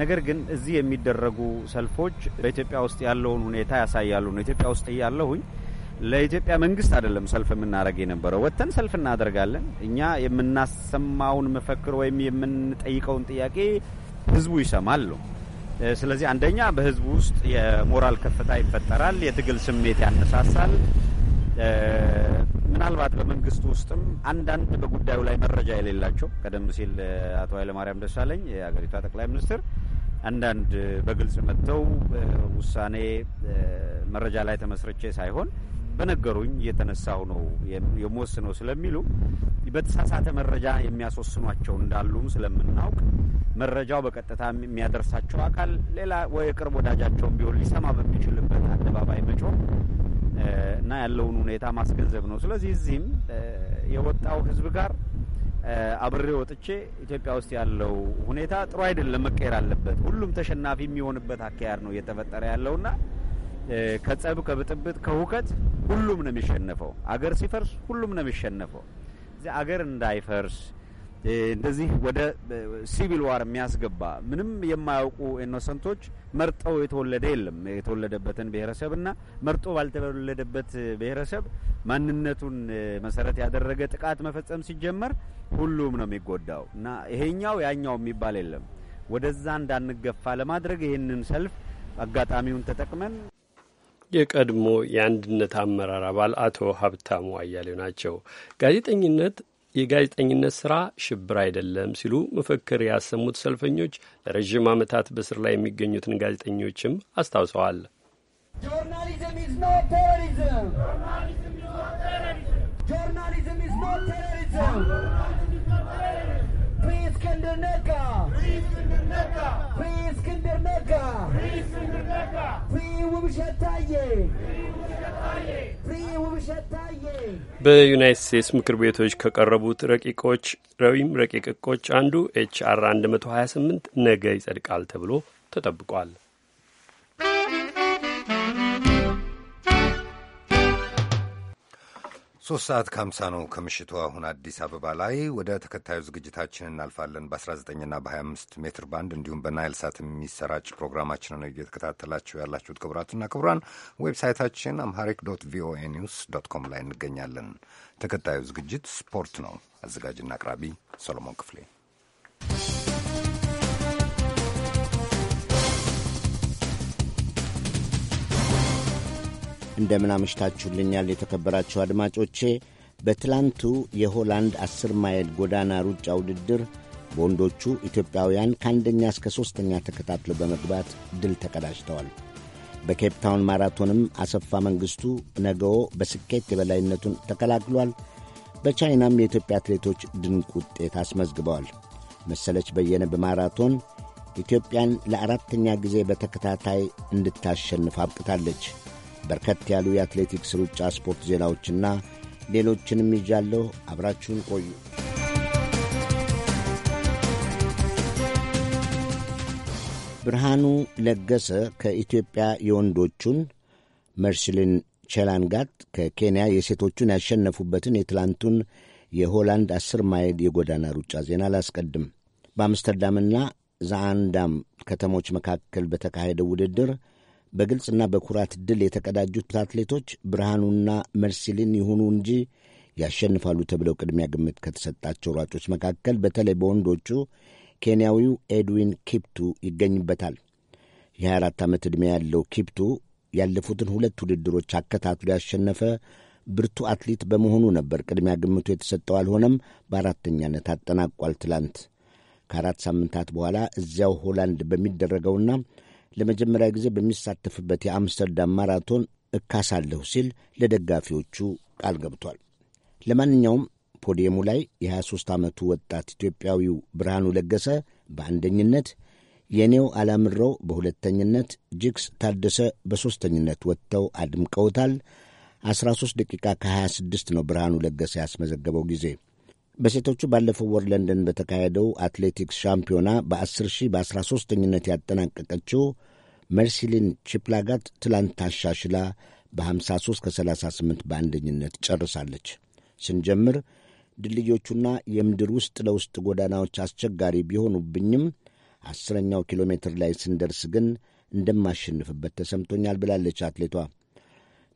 ነገር ግን እዚህ የሚደረጉ ሰልፎች በኢትዮጵያ ውስጥ ያለውን ሁኔታ ያሳያሉ ነው። ኢትዮጵያ ውስጥ እያለሁኝ ለኢትዮጵያ መንግስት አይደለም ሰልፍ የምናደርግ የነበረው። ወጥተን ሰልፍ እናደርጋለን። እኛ የምናሰማውን መፈክር ወይም የምንጠይቀውን ጥያቄ ህዝቡ ይሰማል ነው። ስለዚህ አንደኛ በህዝቡ ውስጥ የሞራል ከፍታ ይፈጠራል፣ የትግል ስሜት ያነሳሳል። ምናልባት በመንግስት ውስጥም አንዳንድ በጉዳዩ ላይ መረጃ የሌላቸው ቀደም ሲል አቶ ኃይለማርያም ደሳለኝ የሀገሪቷ ጠቅላይ ሚኒስትር አንዳንድ በግልጽ መጥተው ውሳኔ መረጃ ላይ ተመስርቼ ሳይሆን በነገሩኝ እየተነሳሁ ነው የምወስነው ስለሚሉ በተሳሳተ መረጃ የሚያስወስኗቸው እንዳሉም ስለምናውቅ መረጃው በቀጥታ የሚያደርሳቸው አካል ሌላ ወይ ቅርብ ወዳጃቸውን ቢሆን ሊሰማ በሚችልበት አደባባይ መጮ እና ያለውን ሁኔታ ማስገንዘብ ነው። ስለዚህ እዚህም የወጣው ህዝብ ጋር አብሬ ወጥቼ ኢትዮጵያ ውስጥ ያለው ሁኔታ ጥሩ አይደለም፣ መቀየር አለበት። ሁሉም ተሸናፊ የሚሆንበት አካሄድ ነው እየተፈጠረ ያለውና ከጸብ፣ ከብጥብጥ፣ ከሁከት ሁሉም ነው የሚሸነፈው። አገር ሲፈርስ ሁሉም ነው የሚሸነፈው። እዚ አገር እንዳይፈርስ እንደዚህ ወደ ሲቪል ዋር የሚያስገባ ምንም የማያውቁ ኢኖሰንቶች መርጠው የተወለደ የለም። የተወለደበትን ብሔረሰብ እና መርጦ ባልተወለደበት ብሔረሰብ ማንነቱን መሰረት ያደረገ ጥቃት መፈጸም ሲጀመር ሁሉም ነው የሚጎዳው እና ይሄኛው ያኛው የሚባል የለም። ወደዛ እንዳንገፋ ለማድረግ ይህንን ሰልፍ አጋጣሚውን ተጠቅመን የቀድሞ የአንድነት አመራር አባል አቶ ሀብታሙ አያሌው ናቸው። ጋዜጠኝነት የጋዜጠኝነት ስራ ሽብር አይደለም ሲሉ መፈክር ያሰሙት ሰልፈኞች ለረዥም ዓመታት በስር ላይ የሚገኙትን ጋዜጠኞችም አስታውሰዋል። ጆርናሊዝም Free Iskender Neka. Free Iskender Neka. Free Iskender Neka. Free Iskender Neka. Free Wubshet Taye. Free Wubshet Taye. በዩናይት ስቴትስ ምክር ቤቶች ከቀረቡት ረቂቆች ረዊም ረቂቅ ሕጎች አንዱ ኤችአር 128 ነገ ይጸድቃል ተብሎ ተጠብቋል። ሶስት ሰዓት ከሀምሳ ነው ከምሽቱ አሁን አዲስ አበባ ላይ። ወደ ተከታዩ ዝግጅታችን እናልፋለን። በ19ና በ25 ሜትር ባንድ እንዲሁም በናይል ሳት የሚሰራጭ ፕሮግራማችን ነው እየተከታተላችሁ ያላችሁት። ክቡራትና ክቡራን ዌብሳይታችን አምሃሪክ ዶት ቪኦኤ ኒውስ ዶት ኮም ላይ እንገኛለን። ተከታዩ ዝግጅት ስፖርት ነው። አዘጋጅና አቅራቢ ሰሎሞን ክፍሌ እንደምን አምሽታችሁልኛል የተከበራችሁ አድማጮቼ። በትላንቱ የሆላንድ አስር ማይል ጎዳና ሩጫ ውድድር በወንዶቹ ኢትዮጵያውያን ከአንደኛ እስከ ሦስተኛ ተከታትሎ በመግባት ድል ተቀዳጅተዋል። በኬፕታውን ማራቶንም አሰፋ መንግሥቱ ነገዎ በስኬት የበላይነቱን ተከላክሏል። በቻይናም የኢትዮጵያ አትሌቶች ድንቅ ውጤት አስመዝግበዋል። መሰለች በየነ በማራቶን ኢትዮጵያን ለአራተኛ ጊዜ በተከታታይ እንድታሸንፍ አብቅታለች። በርከት ያሉ የአትሌቲክስ ሩጫ ስፖርት ዜናዎችና ሌሎችንም ይዣለሁ። አብራችሁን ቆዩ። ብርሃኑ ለገሰ ከኢትዮጵያ የወንዶቹን መርሲልን ቼላንጋት ከኬንያ የሴቶቹን ያሸነፉበትን የትላንቱን የሆላንድ አስር ማይል የጎዳና ሩጫ ዜና ላስቀድም በአምስተርዳምና ዛአንዳም ከተሞች መካከል በተካሄደው ውድድር በግልጽና በኩራት ድል የተቀዳጁት አትሌቶች ብርሃኑና መርሲልን ይሁኑ እንጂ ያሸንፋሉ ተብለው ቅድሚያ ግምት ከተሰጣቸው ሯጮች መካከል በተለይ በወንዶቹ ኬንያዊው ኤድዊን ኪፕቱ ይገኝበታል። የ24 ዓመት ዕድሜ ያለው ኪፕቱ ያለፉትን ሁለት ውድድሮች አከታትሎ ያሸነፈ ብርቱ አትሌት በመሆኑ ነበር ቅድሚያ ግምቱ የተሰጠው። አልሆነም፣ በአራተኛነት አጠናቋል። ትላንት ከአራት ሳምንታት በኋላ እዚያው ሆላንድ በሚደረገውና ለመጀመሪያ ጊዜ በሚሳተፍበት የአምስተርዳም ማራቶን እካሳለሁ ሲል ለደጋፊዎቹ ቃል ገብቷል። ለማንኛውም ፖዲየሙ ላይ የ23 ዓመቱ ወጣት ኢትዮጵያዊው ብርሃኑ ለገሰ በአንደኝነት፣ የኔው አላምረው በሁለተኝነት፣ ጅግስ ታደሰ በሦስተኝነት ወጥተው አድምቀውታል። 13 ደቂቃ ከ26 ነው ብርሃኑ ለገሰ ያስመዘገበው ጊዜ። በሴቶቹ ባለፈው ወር ለንደን በተካሄደው አትሌቲክስ ሻምፒዮና በ10 ሺህ በ13ኝነት ያጠናቀቀችው መርሲሊን ቺፕላጋት ትላንት ታሻሽላ በ53 ከ38 በአንደኝነት ጨርሳለች። ስንጀምር ድልድዮቹና የምድር ውስጥ ለውስጥ ጎዳናዎች አስቸጋሪ ቢሆኑብኝም አስረኛው ኪሎ ሜትር ላይ ስንደርስ ግን እንደማሸንፍበት ተሰምቶኛል ብላለች አትሌቷ።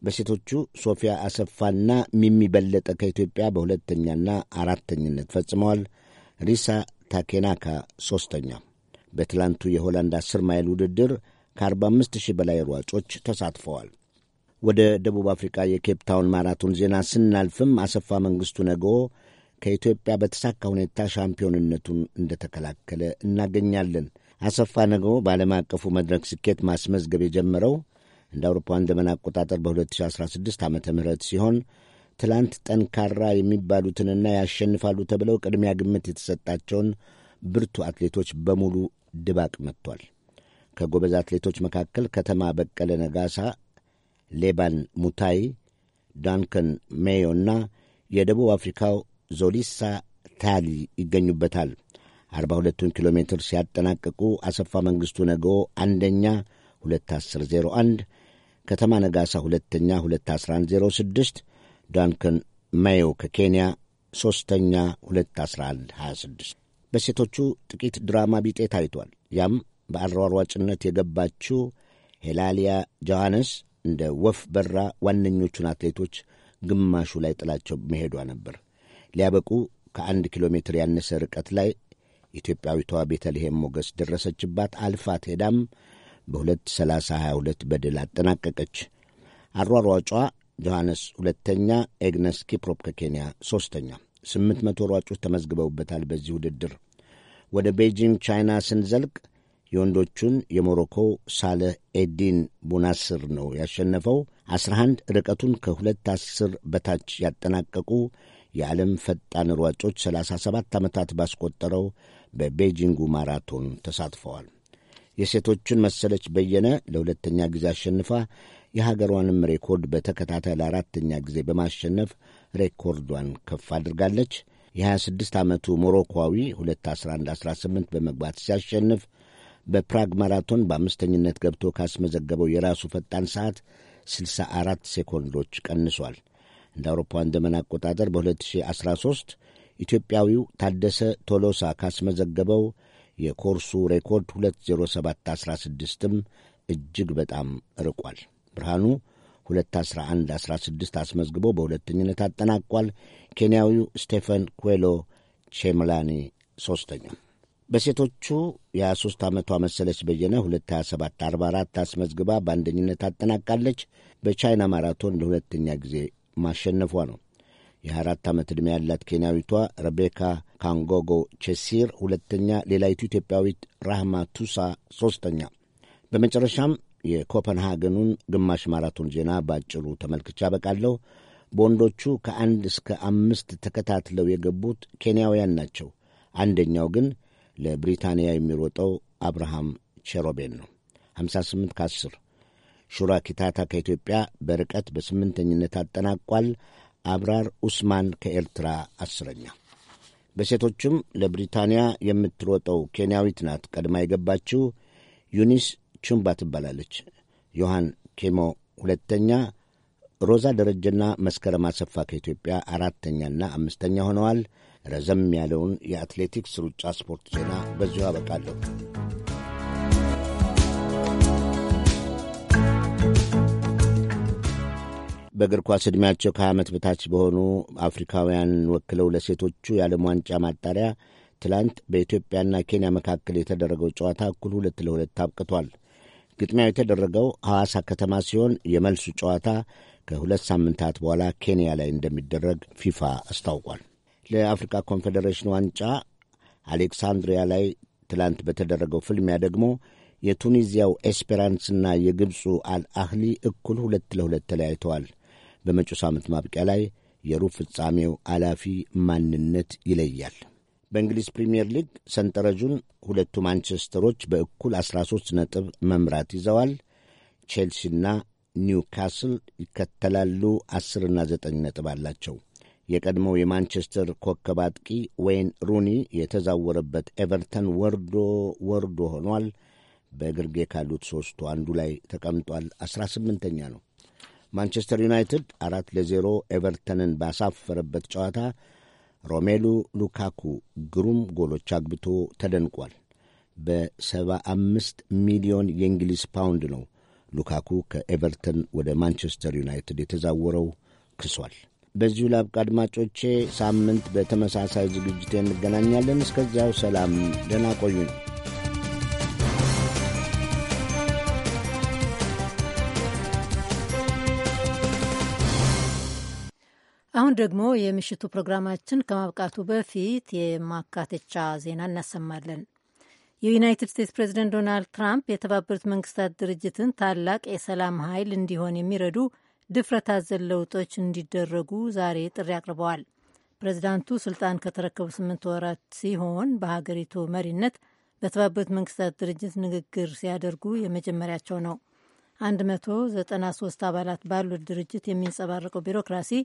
በሴቶቹ ሶፊያ አሰፋና ሚሚ በለጠ ከኢትዮጵያ በሁለተኛና አራተኝነት ፈጽመዋል። ሪሳ ታኬናካ ሦስተኛ። በትላንቱ የሆላንድ 10 ማይል ውድድር ከ45 ሺህ በላይ ሯጮች ተሳትፈዋል። ወደ ደቡብ አፍሪካ የኬፕታውን ማራቶን ዜና ስናልፍም አሰፋ መንግሥቱ ነገዎ ከኢትዮጵያ በተሳካ ሁኔታ ሻምፒዮንነቱን እንደተከላከለ እናገኛለን። አሰፋ ነገዎ በዓለም አቀፉ መድረክ ስኬት ማስመዝገብ የጀመረው እንደ አውሮፓውያን ዘመን አቆጣጠር በ2016 ዓ ም ሲሆን ትላንት ጠንካራ የሚባሉትንና ያሸንፋሉ ተብለው ቅድሚያ ግምት የተሰጣቸውን ብርቱ አትሌቶች በሙሉ ድባቅ መጥቷል። ከጎበዝ አትሌቶች መካከል ከተማ በቀለ ነጋሳ፣ ሌባን ሙታይ፣ ዳንከን ሜዮና እና የደቡብ አፍሪካው ዞሊሳ ታሊ ይገኙበታል። ሁለቱን ኪሎ ሜትር ሲያጠናቅቁ አሰፋ መንግሥቱ ነገ አንደኛ 2101 ከተማ ነጋሳ ሁለተኛ 21106 ዳንከን ማዮ ከኬንያ ሦስተኛ 21126። በሴቶቹ ጥቂት ድራማ ቢጤ ታይቷል። ያም በአሯሯጭነት የገባችው ሄላሊያ ጆሐንስ እንደ ወፍ በራ ዋነኞቹን አትሌቶች ግማሹ ላይ ጥላቸው መሄዷ ነበር። ሊያበቁ ከአንድ ኪሎ ሜትር ያነሰ ርቀት ላይ ኢትዮጵያዊቷ ቤተልሔም ሞገስ ደረሰችባት። አልፋት ሄዳም በ2፡30፡22 በድል አጠናቀቀች። አሯሯጯ ጆሐንስ ሁለተኛ፣ ኤግነስ ኪፕሮፕ ከኬንያ ሦስተኛ። ስምንት መቶ ሯጮች ተመዝግበውበታል በዚህ ውድድር። ወደ ቤጂንግ ቻይና ስንዘልቅ የወንዶቹን የሞሮኮ ሳለህ ኤዲን ቡናስር ነው ያሸነፈው። 11 ርቀቱን ከሁለት አስር በታች ያጠናቀቁ የዓለም ፈጣን ሯጮች 37 ዓመታት ባስቆጠረው በቤጂንጉ ማራቶን ተሳትፈዋል። የሴቶቹን መሰለች በየነ ለሁለተኛ ጊዜ አሸንፋ የሀገሯንም ሬኮርድ በተከታታይ ለአራተኛ ጊዜ በማሸነፍ ሬኮርዷን ከፍ አድርጋለች። የ26 ዓመቱ ሞሮኳዊ 21118 በመግባት ሲያሸንፍ በፕራግ ማራቶን በአምስተኝነት ገብቶ ካስመዘገበው የራሱ ፈጣን ሰዓት 64 ሴኮንዶች ቀንሷል። እንደ አውሮፓውያን ዘመን አቆጣጠር በ2013 ኢትዮጵያዊው ታደሰ ቶሎሳ ካስመዘገበው የኮርሱ ሬኮርድ 20716ም እጅግ በጣም ርቋል። ብርሃኑ 21116 አስመዝግቦ በሁለተኝነት አጠናቋል። ኬንያዊው ስቴፈን ኩዌሎ ቼምላኒ ሦስተኛ። በሴቶቹ የ23 ዓመቷ መሰለች በየነ 22744 አስመዝግባ በአንደኝነት አጠናቃለች። በቻይና ማራቶን ለሁለተኛ ጊዜ ማሸነፏ ነው። የ24 ዓመት ዕድሜ ያላት ኬንያዊቷ ረቤካ ካንጎጎ ቼሲር ሁለተኛ፣ ሌላዊቱ ኢትዮጵያዊት ራህማ ቱሳ ሦስተኛ። በመጨረሻም የኮፐንሃገኑን ግማሽ ማራቶን ዜና ባጭሩ ተመልክቼ አበቃለሁ። በወንዶቹ ከአንድ እስከ አምስት ተከታትለው የገቡት ኬንያውያን ናቸው። አንደኛው ግን ለብሪታንያ የሚሮጠው አብርሃም ቼሮቤን ነው። 58 ከ10 ሹራ ኪታታ ከኢትዮጵያ በርቀት በስምንተኝነት አጠናቋል። አብራር ኡስማን ከኤርትራ አስረኛ በሴቶችም ለብሪታንያ የምትሮጠው ኬንያዊት ናት። ቀድማ የገባችው ዩኒስ ቹምባ ትባላለች። ዮሐን ኬሞ ሁለተኛ፣ ሮዛ ደረጀና መስከረም አሰፋ ከኢትዮጵያ አራተኛና አምስተኛ ሆነዋል። ረዘም ያለውን የአትሌቲክስ ሩጫ ስፖርት ዜና በዚሁ አበቃለሁ። በእግር ኳስ ዕድሜያቸው ከዓመት በታች በሆኑ አፍሪካውያን ወክለው ለሴቶቹ የዓለም ዋንጫ ማጣሪያ ትላንት በኢትዮጵያና ኬንያ መካከል የተደረገው ጨዋታ እኩል ሁለት ለሁለት አብቅቷል። ግጥሚያው የተደረገው ሐዋሳ ከተማ ሲሆን የመልሱ ጨዋታ ከሁለት ሳምንታት በኋላ ኬንያ ላይ እንደሚደረግ ፊፋ አስታውቋል። ለአፍሪካ ኮንፌዴሬሽን ዋንጫ አሌክሳንድሪያ ላይ ትላንት በተደረገው ፍልሚያ ደግሞ የቱኒዚያው ኤስፔራንስና የግብፁ አልአህሊ እኩል ሁለት ለሁለት ተለያይተዋል። በመጪው ሳምንት ማብቂያ ላይ የሩብ ፍጻሜው አላፊ ማንነት ይለያል። በእንግሊዝ ፕሪምየር ሊግ ሰንጠረዡን ሁለቱ ማንቸስተሮች በእኩል 13 ነጥብ መምራት ይዘዋል። ቼልሲና ኒውካስል ይከተላሉ። 10ና 9 ነጥብ አላቸው። የቀድሞው የማንቸስተር ኮከብ አጥቂ ዌይን ሩኒ የተዛወረበት ኤቨርተን ወርዶ ወርዶ ሆኗል። በግርጌ ካሉት ሦስቱ አንዱ ላይ ተቀምጧል። 18ኛ ነው። ማንቸስተር ዩናይትድ አራት ለዜሮ ኤቨርተንን ባሳፈረበት ጨዋታ ሮሜሉ ሉካኩ ግሩም ጎሎች አግብቶ ተደንቋል። በሰባ አምስት ሚሊዮን የእንግሊዝ ፓውንድ ነው ሉካኩ ከኤቨርተን ወደ ማንቸስተር ዩናይትድ የተዛወረው ክሷል። በዚሁ ላብቃ አድማጮቼ። ሳምንት በተመሳሳይ ዝግጅት እንገናኛለን። እስከዚያው ሰላም፣ ደህና ቆዩ ነው አሁን ደግሞ የምሽቱ ፕሮግራማችን ከማብቃቱ በፊት የማካተቻ ዜና እናሰማለን። የዩናይትድ ስቴትስ ፕሬዚደንት ዶናልድ ትራምፕ የተባበሩት መንግስታት ድርጅትን ታላቅ የሰላም ኃይል እንዲሆን የሚረዱ ድፍረት አዘል ለውጦች እንዲደረጉ ዛሬ ጥሪ አቅርበዋል። ፕሬዚዳንቱ ስልጣን ከተረከቡ ስምንት ወራት ሲሆን በሀገሪቱ መሪነት በተባበሩት መንግስታት ድርጅት ንግግር ሲያደርጉ የመጀመሪያቸው ነው። 193 አባላት ባሉት ድርጅት የሚንጸባረቀው ቢሮክራሲ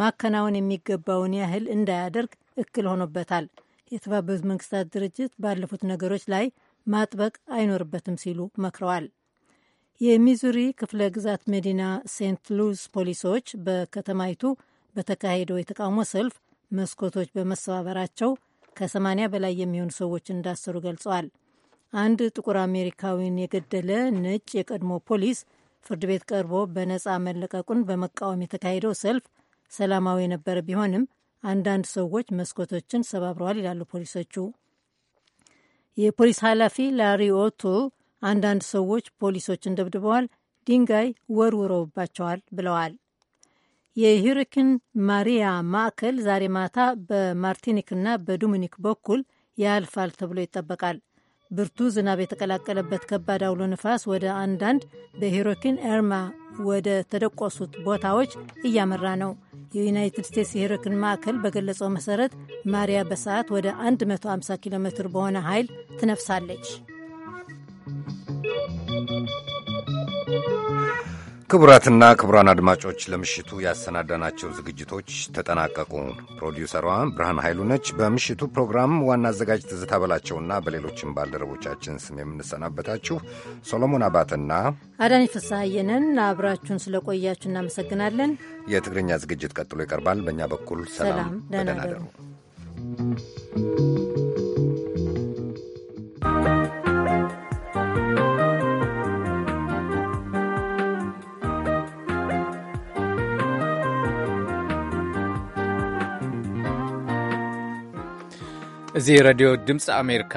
ማከናወን የሚገባውን ያህል እንዳያደርግ እክል ሆኖበታል። የተባበሩት መንግስታት ድርጅት ባለፉት ነገሮች ላይ ማጥበቅ አይኖርበትም ሲሉ መክረዋል። የሚዙሪ ክፍለ ግዛት መዲና ሴንት ሉዊስ ፖሊሶች በከተማይቱ በተካሄደው የተቃውሞ ሰልፍ መስኮቶች በመሰባበራቸው ከ80 በላይ የሚሆኑ ሰዎች እንዳሰሩ ገልጸዋል። አንድ ጥቁር አሜሪካዊን የገደለ ነጭ የቀድሞ ፖሊስ ፍርድ ቤት ቀርቦ በነፃ መለቀቁን በመቃወም የተካሄደው ሰልፍ ሰላማዊ የነበረ ቢሆንም አንዳንድ ሰዎች መስኮቶችን ሰባብረዋል ይላሉ ፖሊሶቹ። የፖሊስ ኃላፊ ላሪ አንዳንድ ሰዎች ፖሊሶችን ደብድበዋል፣ ድንጋይ ወርውረውባቸዋል ብለዋል። የሂሪክን ማሪያ ማዕከል ዛሬ ማታ በማርቲኒክና በዶሚኒክ በኩል ያልፋል ተብሎ ይጠበቃል። ብርቱ ዝናብ የተቀላቀለበት ከባድ አውሎ ንፋስ ወደ አንዳንድ በሄሮኪን ኤርማ ወደ ተደቆሱት ቦታዎች እያመራ ነው። የዩናይትድ ስቴትስ የሂሮኪን ማዕከል በገለጸው መሠረት ማሪያ በሰዓት ወደ 150 ኪሎ ሜትር በሆነ ኃይል ትነፍሳለች። ክቡራትና ክቡራን አድማጮች ለምሽቱ ያሰናዳናቸው ዝግጅቶች ተጠናቀቁ። ፕሮዲውሰሯ ብርሃን ኃይሉ ነች። በምሽቱ ፕሮግራም ዋና አዘጋጅ ትዝታ በላቸውና በሌሎችም ባልደረቦቻችን ስም የምንሰናበታችሁ ሶሎሞን አባትና አዳኒ ፍስሐየንን አብራችሁን ስለቆያችሁ እናመሰግናለን። የትግርኛ ዝግጅት ቀጥሎ ይቀርባል። በእኛ በኩል ሰላም፣ በደህና እደሩ። እዚ ረድዮ ድምፂ ኣሜሪካ